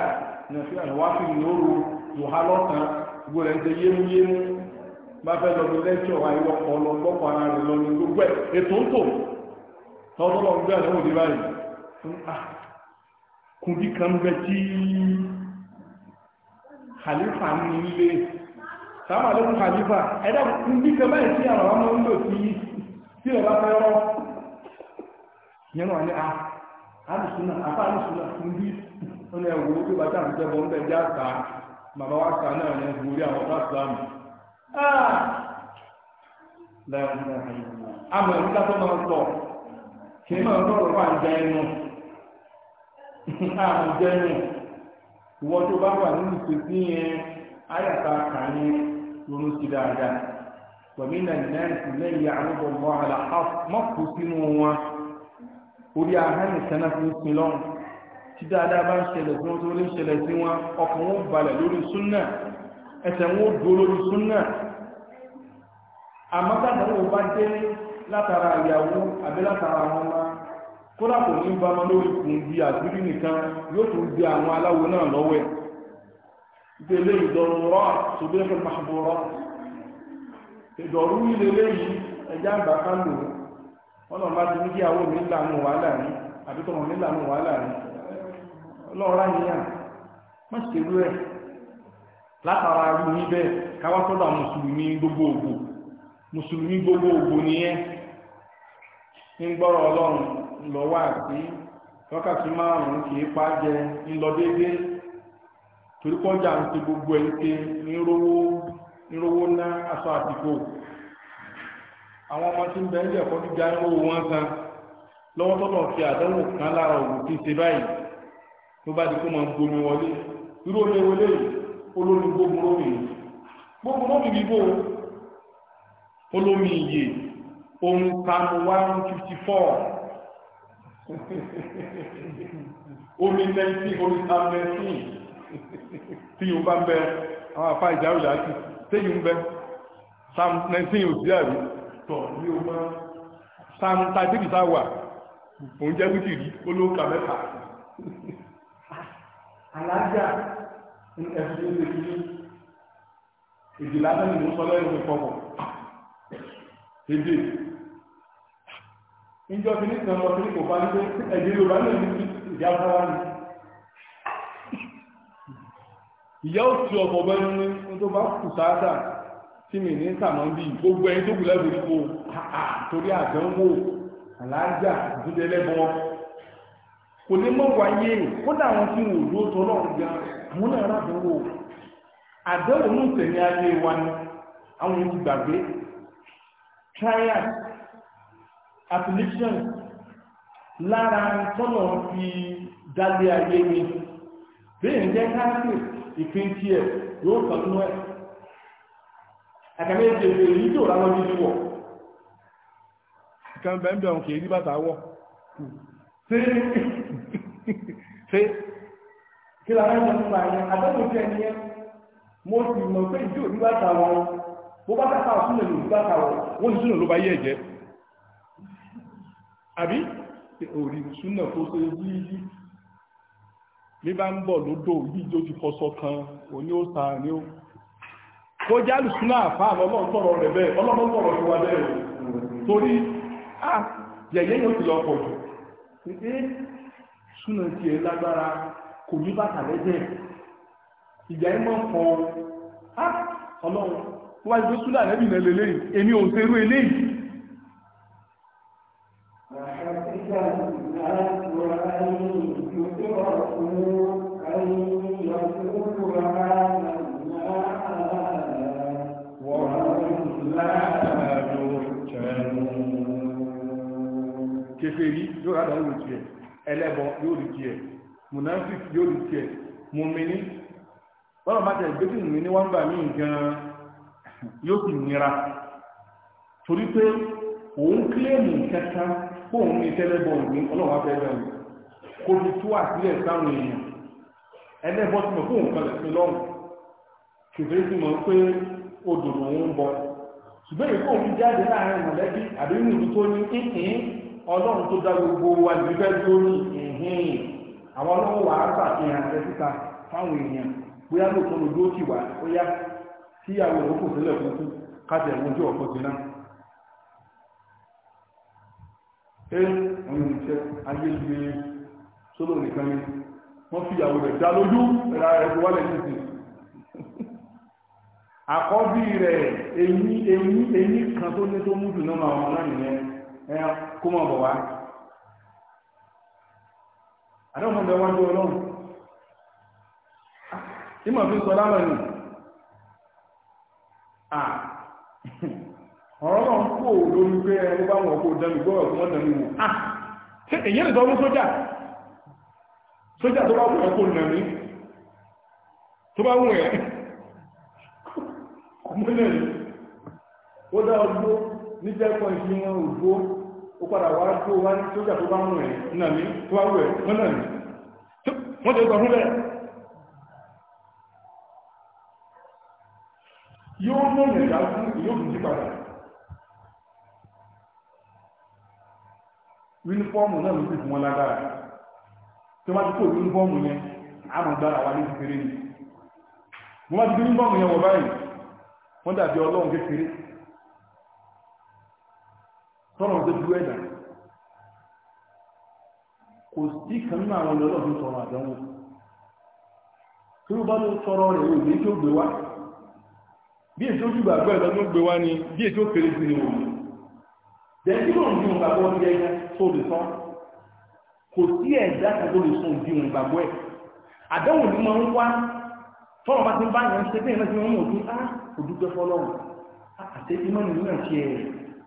nàfi àwáfi lóru gbogbo ń ṣe yémúyémú bá lọ bí gbọ́kọ̀ ara lọ ní gbogbo ẹ̀ ètò ń tò tọ́tọ́ lọ gbé àdéhùn kùdí kan halifa tí khalifa ní ilé sáwọn àlẹ́kùn khalifa ẹ̀dá kùdí kan báyìí tí àwọn ọmọ ń lò sí a alùsùnà àbá alùsùnà kùdí wọn ẹ̀ wò ó bí bàtà àti ìjọba ń bẹ já ta bàbá wa ta náà ní ìwúrí àwọn ọba ìsìlámù lẹ́yìn náà àmọ̀ àrùn jẹ́nu ìwọ tó bá wà nínú ìpèsè yẹn ayàtà kàn yẹn ronú sí dáadáa pẹ̀lú nàìjíríà ìpínlẹ̀ yìí àrùbọ̀ mọ́ àlà mọ́kù sínú wọn orí ahánì kaná fún sin lọ́rùn tí dáadáa bá ń ṣẹlẹ̀ tí wọ́n tó lè ṣẹlẹ̀ sí wọn ọkàn wọn balẹ̀ lórí súnnà ẹsẹ̀ wọn dúró lórí súnnà àmọ́ tàbí wọn bá dé látara ìyàwó àbí látara àwọn máa kódà kò ní bá ọmọ lórí kùn bí nìkan yóò tún gbé àwọn aláwo náà lọ́wọ́ ẹ̀ gbélé ìdọ̀rọ̀ ṣùgbọ́n mahbura ìdọ̀rú ilé léyìí ẹja àgbà kan lò wọn lọ bá ti ní kí àwọn mi lànà wàhálà àbí tọmọ mi lànà wàhálà má ṣe ẹ̀ látara rú ní bẹ́ẹ̀ káwá lọ́wọ́ àti wákàtí márùn-ún kì í pa jẹ ńlọ déédé torí kọjá ń ti gbogbo ẹ̀ pé nírówó nírówó ná aṣọ àtìkò àwọn ọmọ tí ń bẹ ilé ẹ̀kọ́ gíga nírówó wọn san lọ́wọ́ tọ́lọ̀ fi àdánwò kan lára òwò tí ń ṣe báyìí tó bá di kó máa ń gbomi wọlé irú omi wọlé yìí olómi gbogbo lómi gbogbo lómi bíbó olómi iye ohun kan one fifty four omi nẹ́ntì omi amẹ́ntì tí yóò bá ń bẹ àwọn afá ìjáwé láti tẹ́yì ń bẹ sam nẹ́ntì yóò sí àrí tọ̀ ní o máa sam tàbí sáwà òun jẹ́ wíkì rí olóòkà mẹ́ta alájà ẹ̀fún ní ìdílé ìdílé àtàlẹ́ ìmúsọlẹ́ ìwé fọ́pọ̀ èdè ndị kìíní kan lọ kìíní kò bá ní pé ẹ̀jẹ̀ yorùbá ní otu afárá ni ìyá òtún ọ̀pọ̀ bẹ́ ní tó bá kù sáádà tí mi ní sàmọ́ bí gbogbo ẹni tó kù lẹ́bùn ipò torí àdánwò wò ló àwọn náà ní tẹ̀lé ayé wa ni àwọn triad affliction lára tọ́nà fi dálé ayé mi bẹ́ẹ̀ jẹ́ káàkiri ìpín tí ẹ̀ yóò tọ́nú ẹ̀ àkàmẹ́ ìjẹ̀bẹ̀ èyí tó ráwọ́ ní ìwọ̀ kan bẹ̀m̀bẹ̀ ọ̀n kìí bàtà wọ́ ṣe kí lára ń jẹun máa yẹn àdọ́gbò jẹ́ ẹni yẹn mo sì mọ̀ pé ìjọ òní bàtà wọn bó bá tàkà ọ̀sùn lè lò bàtà wọn wọ́n sì sùn ló yẹ̀ jẹ́ àbí òrì Suna tó ṣe yíyí ní bá ń bọ̀ lódò yíjó ti fọṣọ kan òní ó sa ní ó kó jálù súnà àfá ọlọ́run tọ̀rọ̀ rẹ̀ bẹ́ẹ̀ ọlọ́run tọ̀rọ̀ rẹ̀ wá bẹ́ẹ̀ torí à yẹ̀yẹ́ yóò ti lọ pọ̀ jù lágbára kò ní bàtà lẹ́jẹ̀ ìjà ẹ̀ mọ̀ ọlọ́run wájú lélẹ́yìn èmi ò ń eléyìí yóò rádà yóò tiẹ̀ ẹlẹ́bọ yóò rí tiẹ̀ munafik yóò rí tiẹ̀ mùmíní bọ́lá bá tẹ̀ gbé fún mi wọ́n gbà mí yóò nira torí pé òun kílẹ̀mù kankan fóun ní tẹ́lẹ̀bọ̀ ní ọlọ́run afẹ́ bẹ̀rẹ̀ kò fi tú àtìlẹ̀ sáwọn èèyàn ẹlẹ́bọ ti mọ̀ fóun kan lẹ́sìn lọ́rùn kìfẹ́ sì mọ̀ pé odò jáde láàrin mọ̀lẹ́bí àbí tó ní kíkìn ọlọ́run tó dá gbogbo wa ìgbẹ́ lórí ẹ̀hìn àwọn ọlọ́run wà á ṣàfihàn ẹ̀ síta fáwọn èèyàn bóyá lóòótọ́ lójú ó ti wà ó yá tí àwọn òun kò sílẹ̀ kúkú kájà ẹ̀wọ̀n ojú ọ̀pọ̀ ti náà. ẹ àwọn olùṣẹ́ ayé gbé sólò nìkan ni wọ́n fi ìyàwó rẹ̀ dá lójú ẹ̀rọ ẹ̀kọ́ wálẹ̀ títì àkọ́bí rẹ̀ èyí èyí èyí kan tó ní tó mú dùn náà àwọn ọmọ náà nìyẹn kó mọ̀ bọ̀ wá àdéhùn ọ̀bẹ wájú ọlọ́run ah, tí mo fi sọ láwọn ẹnu ah, ọ̀rọ̀ náà ń kó lórí pé ẹni bá wọn kó dánmi gbọ́rọ̀ tí wọ́n dánmi wò ah èyí ń sọ fún sójà sójà tó bá wùn ẹ́ kó nàmí tó bá wùn ẹ́ ọmọ náà ó dá ọdún níjẹ́ kan ìṣúná òdúró ó padà wá tó wá ní sójà tó bá mú ẹ̀ nà mí tó wá wù ẹ̀ wọ́n nà mí wọ́n ti sọ fún bẹ́ẹ̀. yóò mú ìrìnà fún yóò tún jí padà yúnífọ́ọ̀mù náà ló sì fún wọn lágbára tí wọ́n ti kó yúnífọ́ọ̀mù yẹn àmọ̀gbára wa ní kékeré ni wọ́n bá ti gbé yúnífọ́ọ̀mù yẹn wọ̀ báyìí wọ́n dàbí ọlọ́run kékeré tọ́nà tó ju ẹ̀dá kò sí kan nínú àwọn ọ̀dọ́ tó tọrọ àdánwò tí ó bá ló tọrọ rẹ̀ ò ní tí ó gbé wá bí èso ojú gbàgbọ́ ẹ̀dọ́ tó gbé wá ni bí èso kéré sí ni òun dẹ̀ tí ló ń bí òun gbàgbọ́ ti ẹ̀yà tó lè sọ kò sí ẹ̀dá kan tó lè sọ òun bí òun gbàgbọ́ ẹ̀ àdánwò ni máa ń wá tọ́nà bá ti ń bá yẹn ṣe bẹ́ẹ̀ náà ti wọ́n mọ̀ ọdún á kò dúpẹ́ fọlọ́run ah, àti ìmọ̀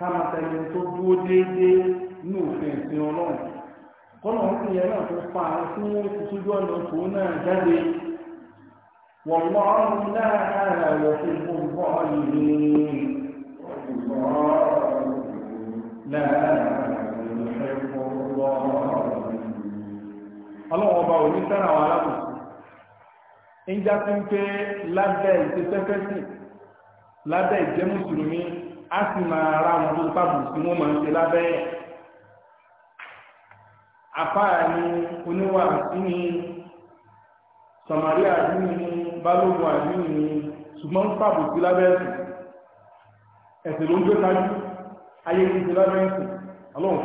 káma tẹnu tó dúró déédéé ní òfin ìsìn ọlọ́run kọ́nà wọn fi yẹn náà tó fa àwọn tí wọ́n ti tójú ọ̀nà tó náà jáde wọ́n mọ ọ́n náà ara rẹ̀ fi fún bọ́ọ̀lù yìí ọlọ́run ọba ò ní sẹ́ràn àwọn ń já sí pé lábẹ́ ìṣẹ́fẹ́sì lábẹ́ ìjẹ́ mùsùlùmí a sì máa ra wọn tó bá bù sí máa ń lábẹ́ ẹ̀ ni oníwà sí ni sọmọrí àdúgbò ni balógun àdúgbò ni ṣùgbọ́n ń pàbò sí lábẹ́ ẹ̀sìn ẹ̀sìn ló ń gbé kájú ayé lábẹ́ ọlọ́run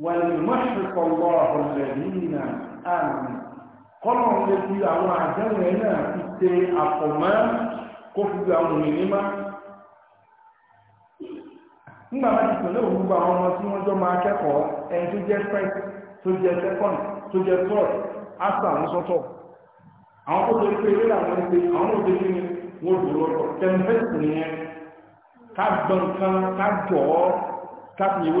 وليمحق اللَّهُ الذين آمنوا kọ́nà lè fi àwọn àjẹ́wọ̀n ẹ̀ náà fi ṣe àpọ̀mọ́ kó fi gba àwọn òmìnir má. nígbà bá ti pẹ̀lú òun gba àwọn ọmọ tí wọ́n jọ máa kẹ́kọ̀ọ́ ẹni tó jẹ́ first tó jẹ́ second tó jẹ́ third after àwọn sọ́tọ̀. àwọn tó torí pé eré làwọn ń àwọn náà tó kíni wọ́n dúró lọ tẹ̀m̀pẹ́sì nìyẹn ká gbọ̀n ká jọ̀ ká fi ìwé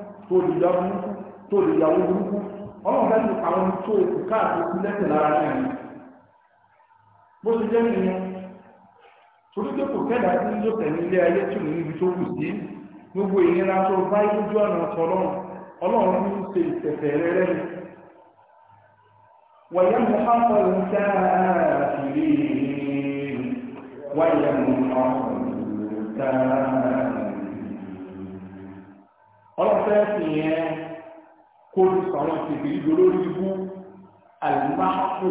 tó lè yọ burúkú tó lè yàwó burúkú ọlọ́run bá ti àwọn tó kù káàkiri kú lẹ́sẹ̀ lára náà bó ṣe jẹ́ nìyẹn torí pé kò kẹ́dà sí ní ayé ní ibi tó kù sí gbogbo lójú ọ̀nà ọlọ́run ní í ṣe rẹ rẹ ni. ọlọ́fẹ́ fi yẹn kó sọ̀rọ̀ tètè ìdòrò ibú alimahaku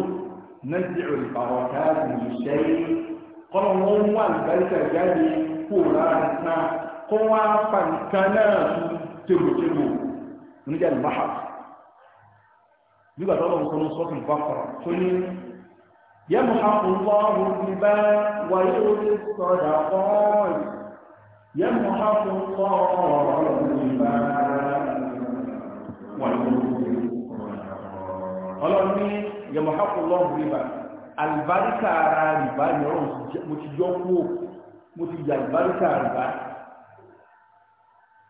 nàìjíríà olùbàwọ̀ káàdì ìṣẹ́yìn kọ́nà wọn mú àlùbáríkà jáde kó rárá náà kó wọn apá nǹkan náà tẹ̀gbọ̀tẹ̀gbọ̀ oníjà alimahaku nígbà tó lọ́wọ́ sọ́nù sọ́tù tó ní yẹ́mu àkùnfọ́ ọ̀hún wáyé ó sọ̀dà fọ́ọ̀lù. يمحق الطالبا ọlọ́run ní yẹmọ̀hápò lọ́rùn rìbá àlùbáríkà ara rìbá ni mo ti yọ kúrò mo ti yà àlùbáríkà rìbá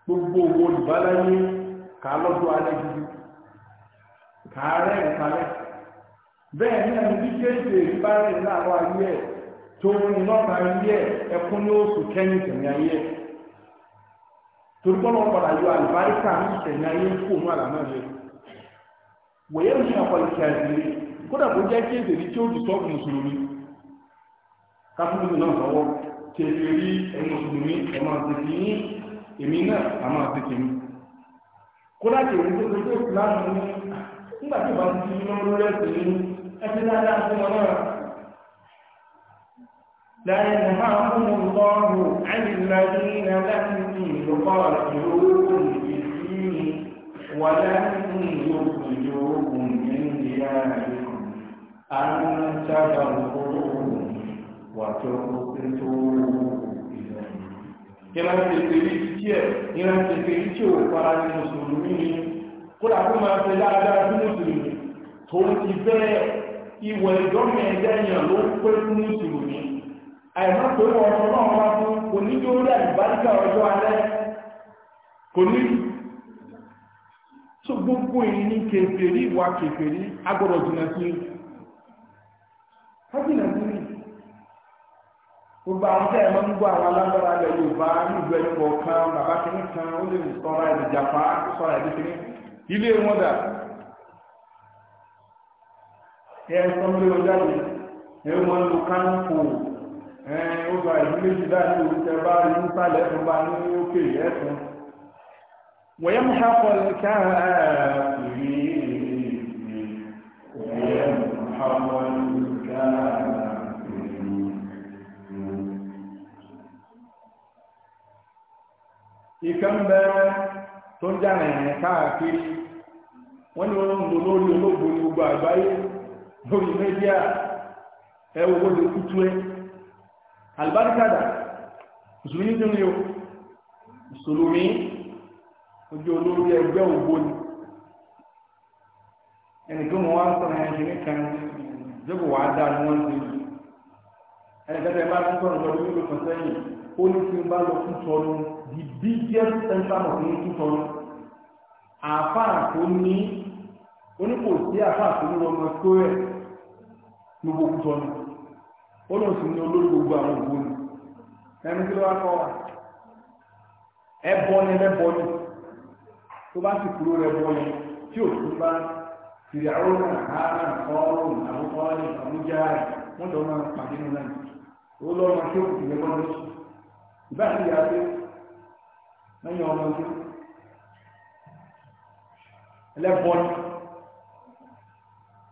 gbogbo owó rìbá láyé kà lọ́dọ̀ alẹ́ gidi kà á rẹ̀ ìkàlẹ̀ bẹ́ẹ̀ ni ẹni bí kéèké rìbá rẹ̀ náà wáyé ẹ̀ tóun iná ta ilé ẹ ẹkún ní oṣù ayé torí náà padà yọ àlùbáríkà ní ayé kó nú na wòye ní ọ̀pọ̀ ìkẹ́ kódà kó jẹ́ kí èdè ní tí ó mùsùlùmí káfíńtì náà rí mùsùlùmí èmi náà a máa ti kódà kí tó ìsìlámù ní nígbà tí ti لا ينهاكم الله عن الذين لم يقاتلوكم في الدين ولم يخرجوكم من دياركم أن تبروهم وتقسطوا إليهم ìran díẹ̀ ìran tètèrè tí ò fara ní mùsùlùmí ni kódà kó máa fẹ́ dáadáa sí mùsùlùmí tó ti bẹ́ẹ̀ ìwẹ̀ ìdọ́mẹ̀ẹ́dẹ́yàn ló pé fún mùsùlùmí àìmọ́ torí ọrụ náà wá fún kò ní yóò rí àlùbáríkà ọjọ́ alẹ́ kò ní tó gbogbo èyí ní kèfèrí ìwà kèfèrí agbọ́dọ̀ sí sí gbogbo àwọn tẹ́ àwọn alágbára ilẹ̀ Yorùbá bàbá ó gba ìlú méjì báyìí ní orúkẹ bá rí nísàlẹ̀ fún bá ní òkè ẹ̀sùn. wọ́yẹ́ mú hápọ̀ ká ìrí wọ́yẹ́ mú hápọ̀ ká ìrí. ìkan tó ń jà káàkiri ń lò lórí olóògbé gbogbo àgbáyé lórí lè kútu albarkada musulmi tún ní o musulmi ojú olórí ẹgbẹ́ ògbó ni ẹni tó mọ̀ wá ń sọ̀rọ̀ ẹni kìíní kan jókòó wàá dá ni wọ́n ń ṣe yìí ẹni kẹta ẹ bá tún sọ̀rọ̀ lọ́dún yìí ló kàn sẹ́yìn ó ní kí n bá lọ fún tọ́lú the biggest central of ní fún tọ́lú àáfàá tó ní oníkòsí àáfàá tó ní wọn mọ tó rẹ̀ ló gbogbo tọ́lú. ó lọ sí ní olórí gbogbo àwọn ògbó ni ẹnu kí ló wá kọ́ wa ẹbọ ni ẹbọ ni tó bá sì kúrò rẹ bọ ni tí ò tún bá tìyàwó náà àárá ọrùn àwọn ọrẹ àbújá rẹ wọn jọ máa pàdé nù náà ó lọ máa kí òkú yẹn lọ́dọ̀ sí ìbá ti yà pé lẹ́yìn ọmọdé ẹlẹ́bọ ni.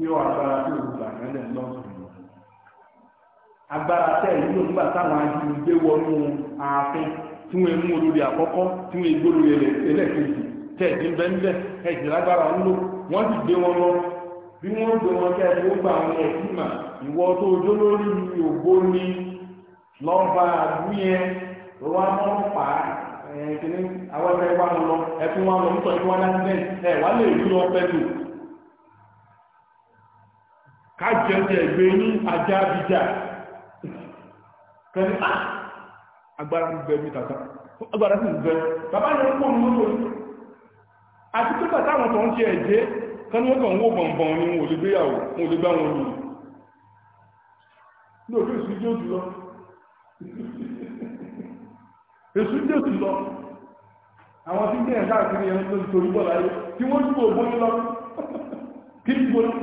yóò agbára tó o gbà nílẹ̀ lọ́sùn agbára tẹ̀ yìí ló ń gbà táwọn ajínigbé wọnú ààfin tí wọ́n mú olórí àkọ́kọ́ tí wọ́n gbó lórí ẹlẹ́kejì tẹ̀ ní bẹ́ńbẹ́ ẹ̀jẹ̀ lágbára ń lò wọ́n ti gbé wọn lọ bí wọ́n gbé wọn kẹ́ ẹ̀ ó gba àwọn ẹ̀sìn mà ìwọ tó ojó lórí ògbó ni lọ́ba àdúyẹ lọ́wọ́ mọ́pàá ẹ̀ẹ́dínní àwọn ẹgbẹ́ wa lọ ẹ̀fún wa lọ nítorí wọn láti bẹ́ẹ̀ ẹ̀ wá lè rí ọpẹ́ kájọ́jọ́ ìgbé ní ajá bíjà kẹ́lí ah, agbára ń bẹ mí tàtà agbára sì ń bẹ bàbá yẹn kó ní mọ́tò àti pé bàtà tó ń ṣe ẹ̀jẹ́ ń ni wọn lè gbéyàwó wọn lè gbá wọn ní òfin èsù jẹ́ òtù lọ èsù jẹ́ òtù lọ àwọn tí ń gbé ń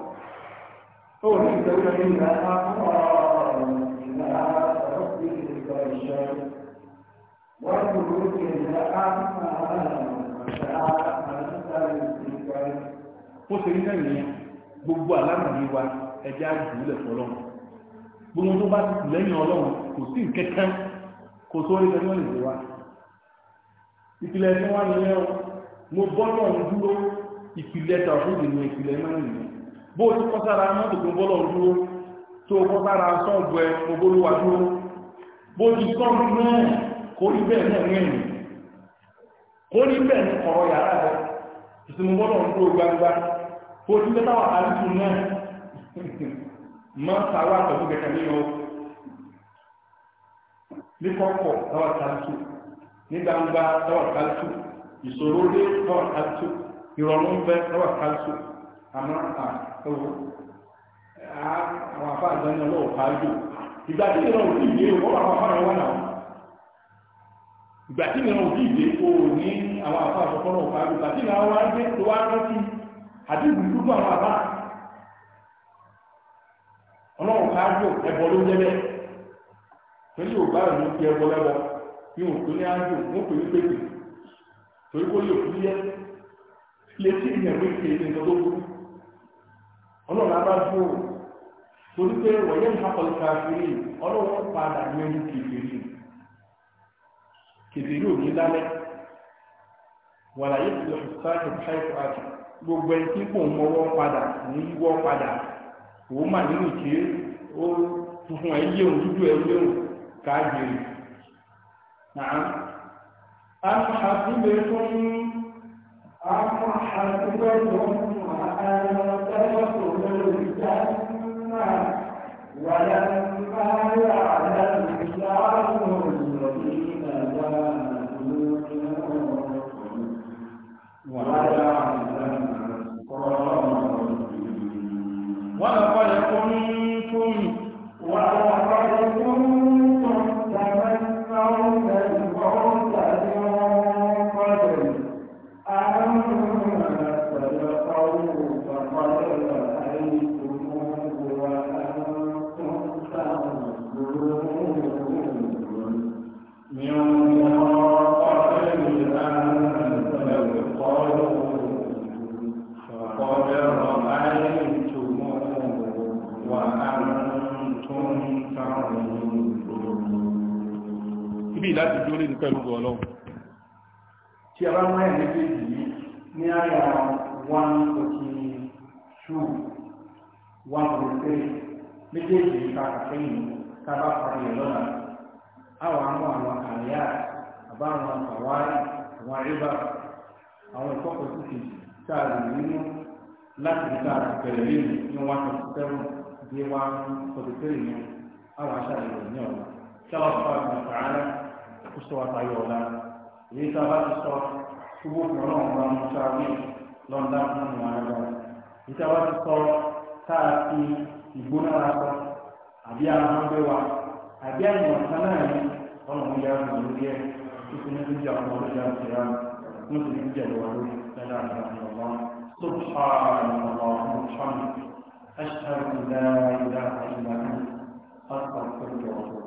فوجد إلا أقرار إلى ربه البشر وخروج ó ṣe ní sẹ́yìn yẹn gbogbo alámìí wa ẹja àgbélẹ̀ fọlọ́run gbogbo tó bá ti lẹ́yìn ọlọ́run kò sí nkẹ́kẹ́ kò sórí ẹjọ́ lè wá ìpìlẹ̀ ẹni wá nílẹ̀ mo bọ́ náà ń dúró ìpìlẹ̀ tàbí ìdènà ìpìlẹ̀ náà nìyẹn bó o ti kọ́ sára mọ́tò tó ń bọ́ lọ́wọ́ dúró tó kọ́ sára sọ́ọ̀bù ẹ ògbólúwa dúró bó o ti sọ́ọ̀bù náà kó rí bẹ́ẹ̀ náà ní ẹ̀yìn kó rí bẹ́ẹ̀ ní ọ̀rọ̀ yàrá ìsinmi bọ́ dúró gbangba bó o ti fẹ́ táwọn náà ní kọ́kọ́ ní gbangba àmọ́ ẹ̀wọ̀ àwọn afá a ọlọ́wọ́ pàájò ìgbà tí ìran òbí ìdè wọ́n wà fáfá wọ́n náà ìgbà tí ìran òbí ìdè kò ní àwọn afá ìgbà tí ìran gbé tó wá rántí àwọn ọlọ́wọ́ ló jẹ́ bẹ́ẹ̀ ní pè ní torí kó lè ọlọ́run abájú o torí pé wọ̀nyẹ́ ìfàkọ̀lù káfíìrì ọlọ́run padà ní ẹni kẹfìrì kẹfìrì ò ní lálẹ́ wàlá yìí ti lọ àti gbogbo ẹni tí kò mọ́wọ́ padà ní wíwọ́ padà òun mà nínú ìké ó funfun ẹ̀ dúdú ẹ̀ ولما يعلم الله wípé méjèèjì ìta àtẹ̀yìn ká bá parí ẹ̀ lọ́nà àwọn àmọ́ àwọn àríyá àbá àwọn àwárí àwọn àríbá àwọn ìkọ́kọ̀ tó ti tá a lè nínú láti ní ká bẹ̀rẹ̀ lé ní wọn tó ti tẹ́wọ̀n bí wọn tó ti tẹ́lẹ̀ yẹn àwọn aṣáájú rẹ̀ ní ọ̀la sábà fún àwọn àtàrà kó sọ wa tayọ ọ̀la èyí tá a bá ti sọ kúbó kan náà wọn mú sáré lọ́ńdà fún àwọn àrẹ ìta ti sọ tá a fi ìgbóná ra sọ àbí àwọn ọgbẹ́ wa àbí àwọn ọ̀sán náà ni ọ̀nà òun yára lò lórí ẹ̀ tó fi ní ìjà ọmọ lórí àwọn ìjà rẹ̀ tó fi ní ìjà ìwà lórí ẹ̀dá àti àwọn ọmọ سبحان الله وبحمده أشهد أن لا إله إلا أنت أستغفرك وأتوب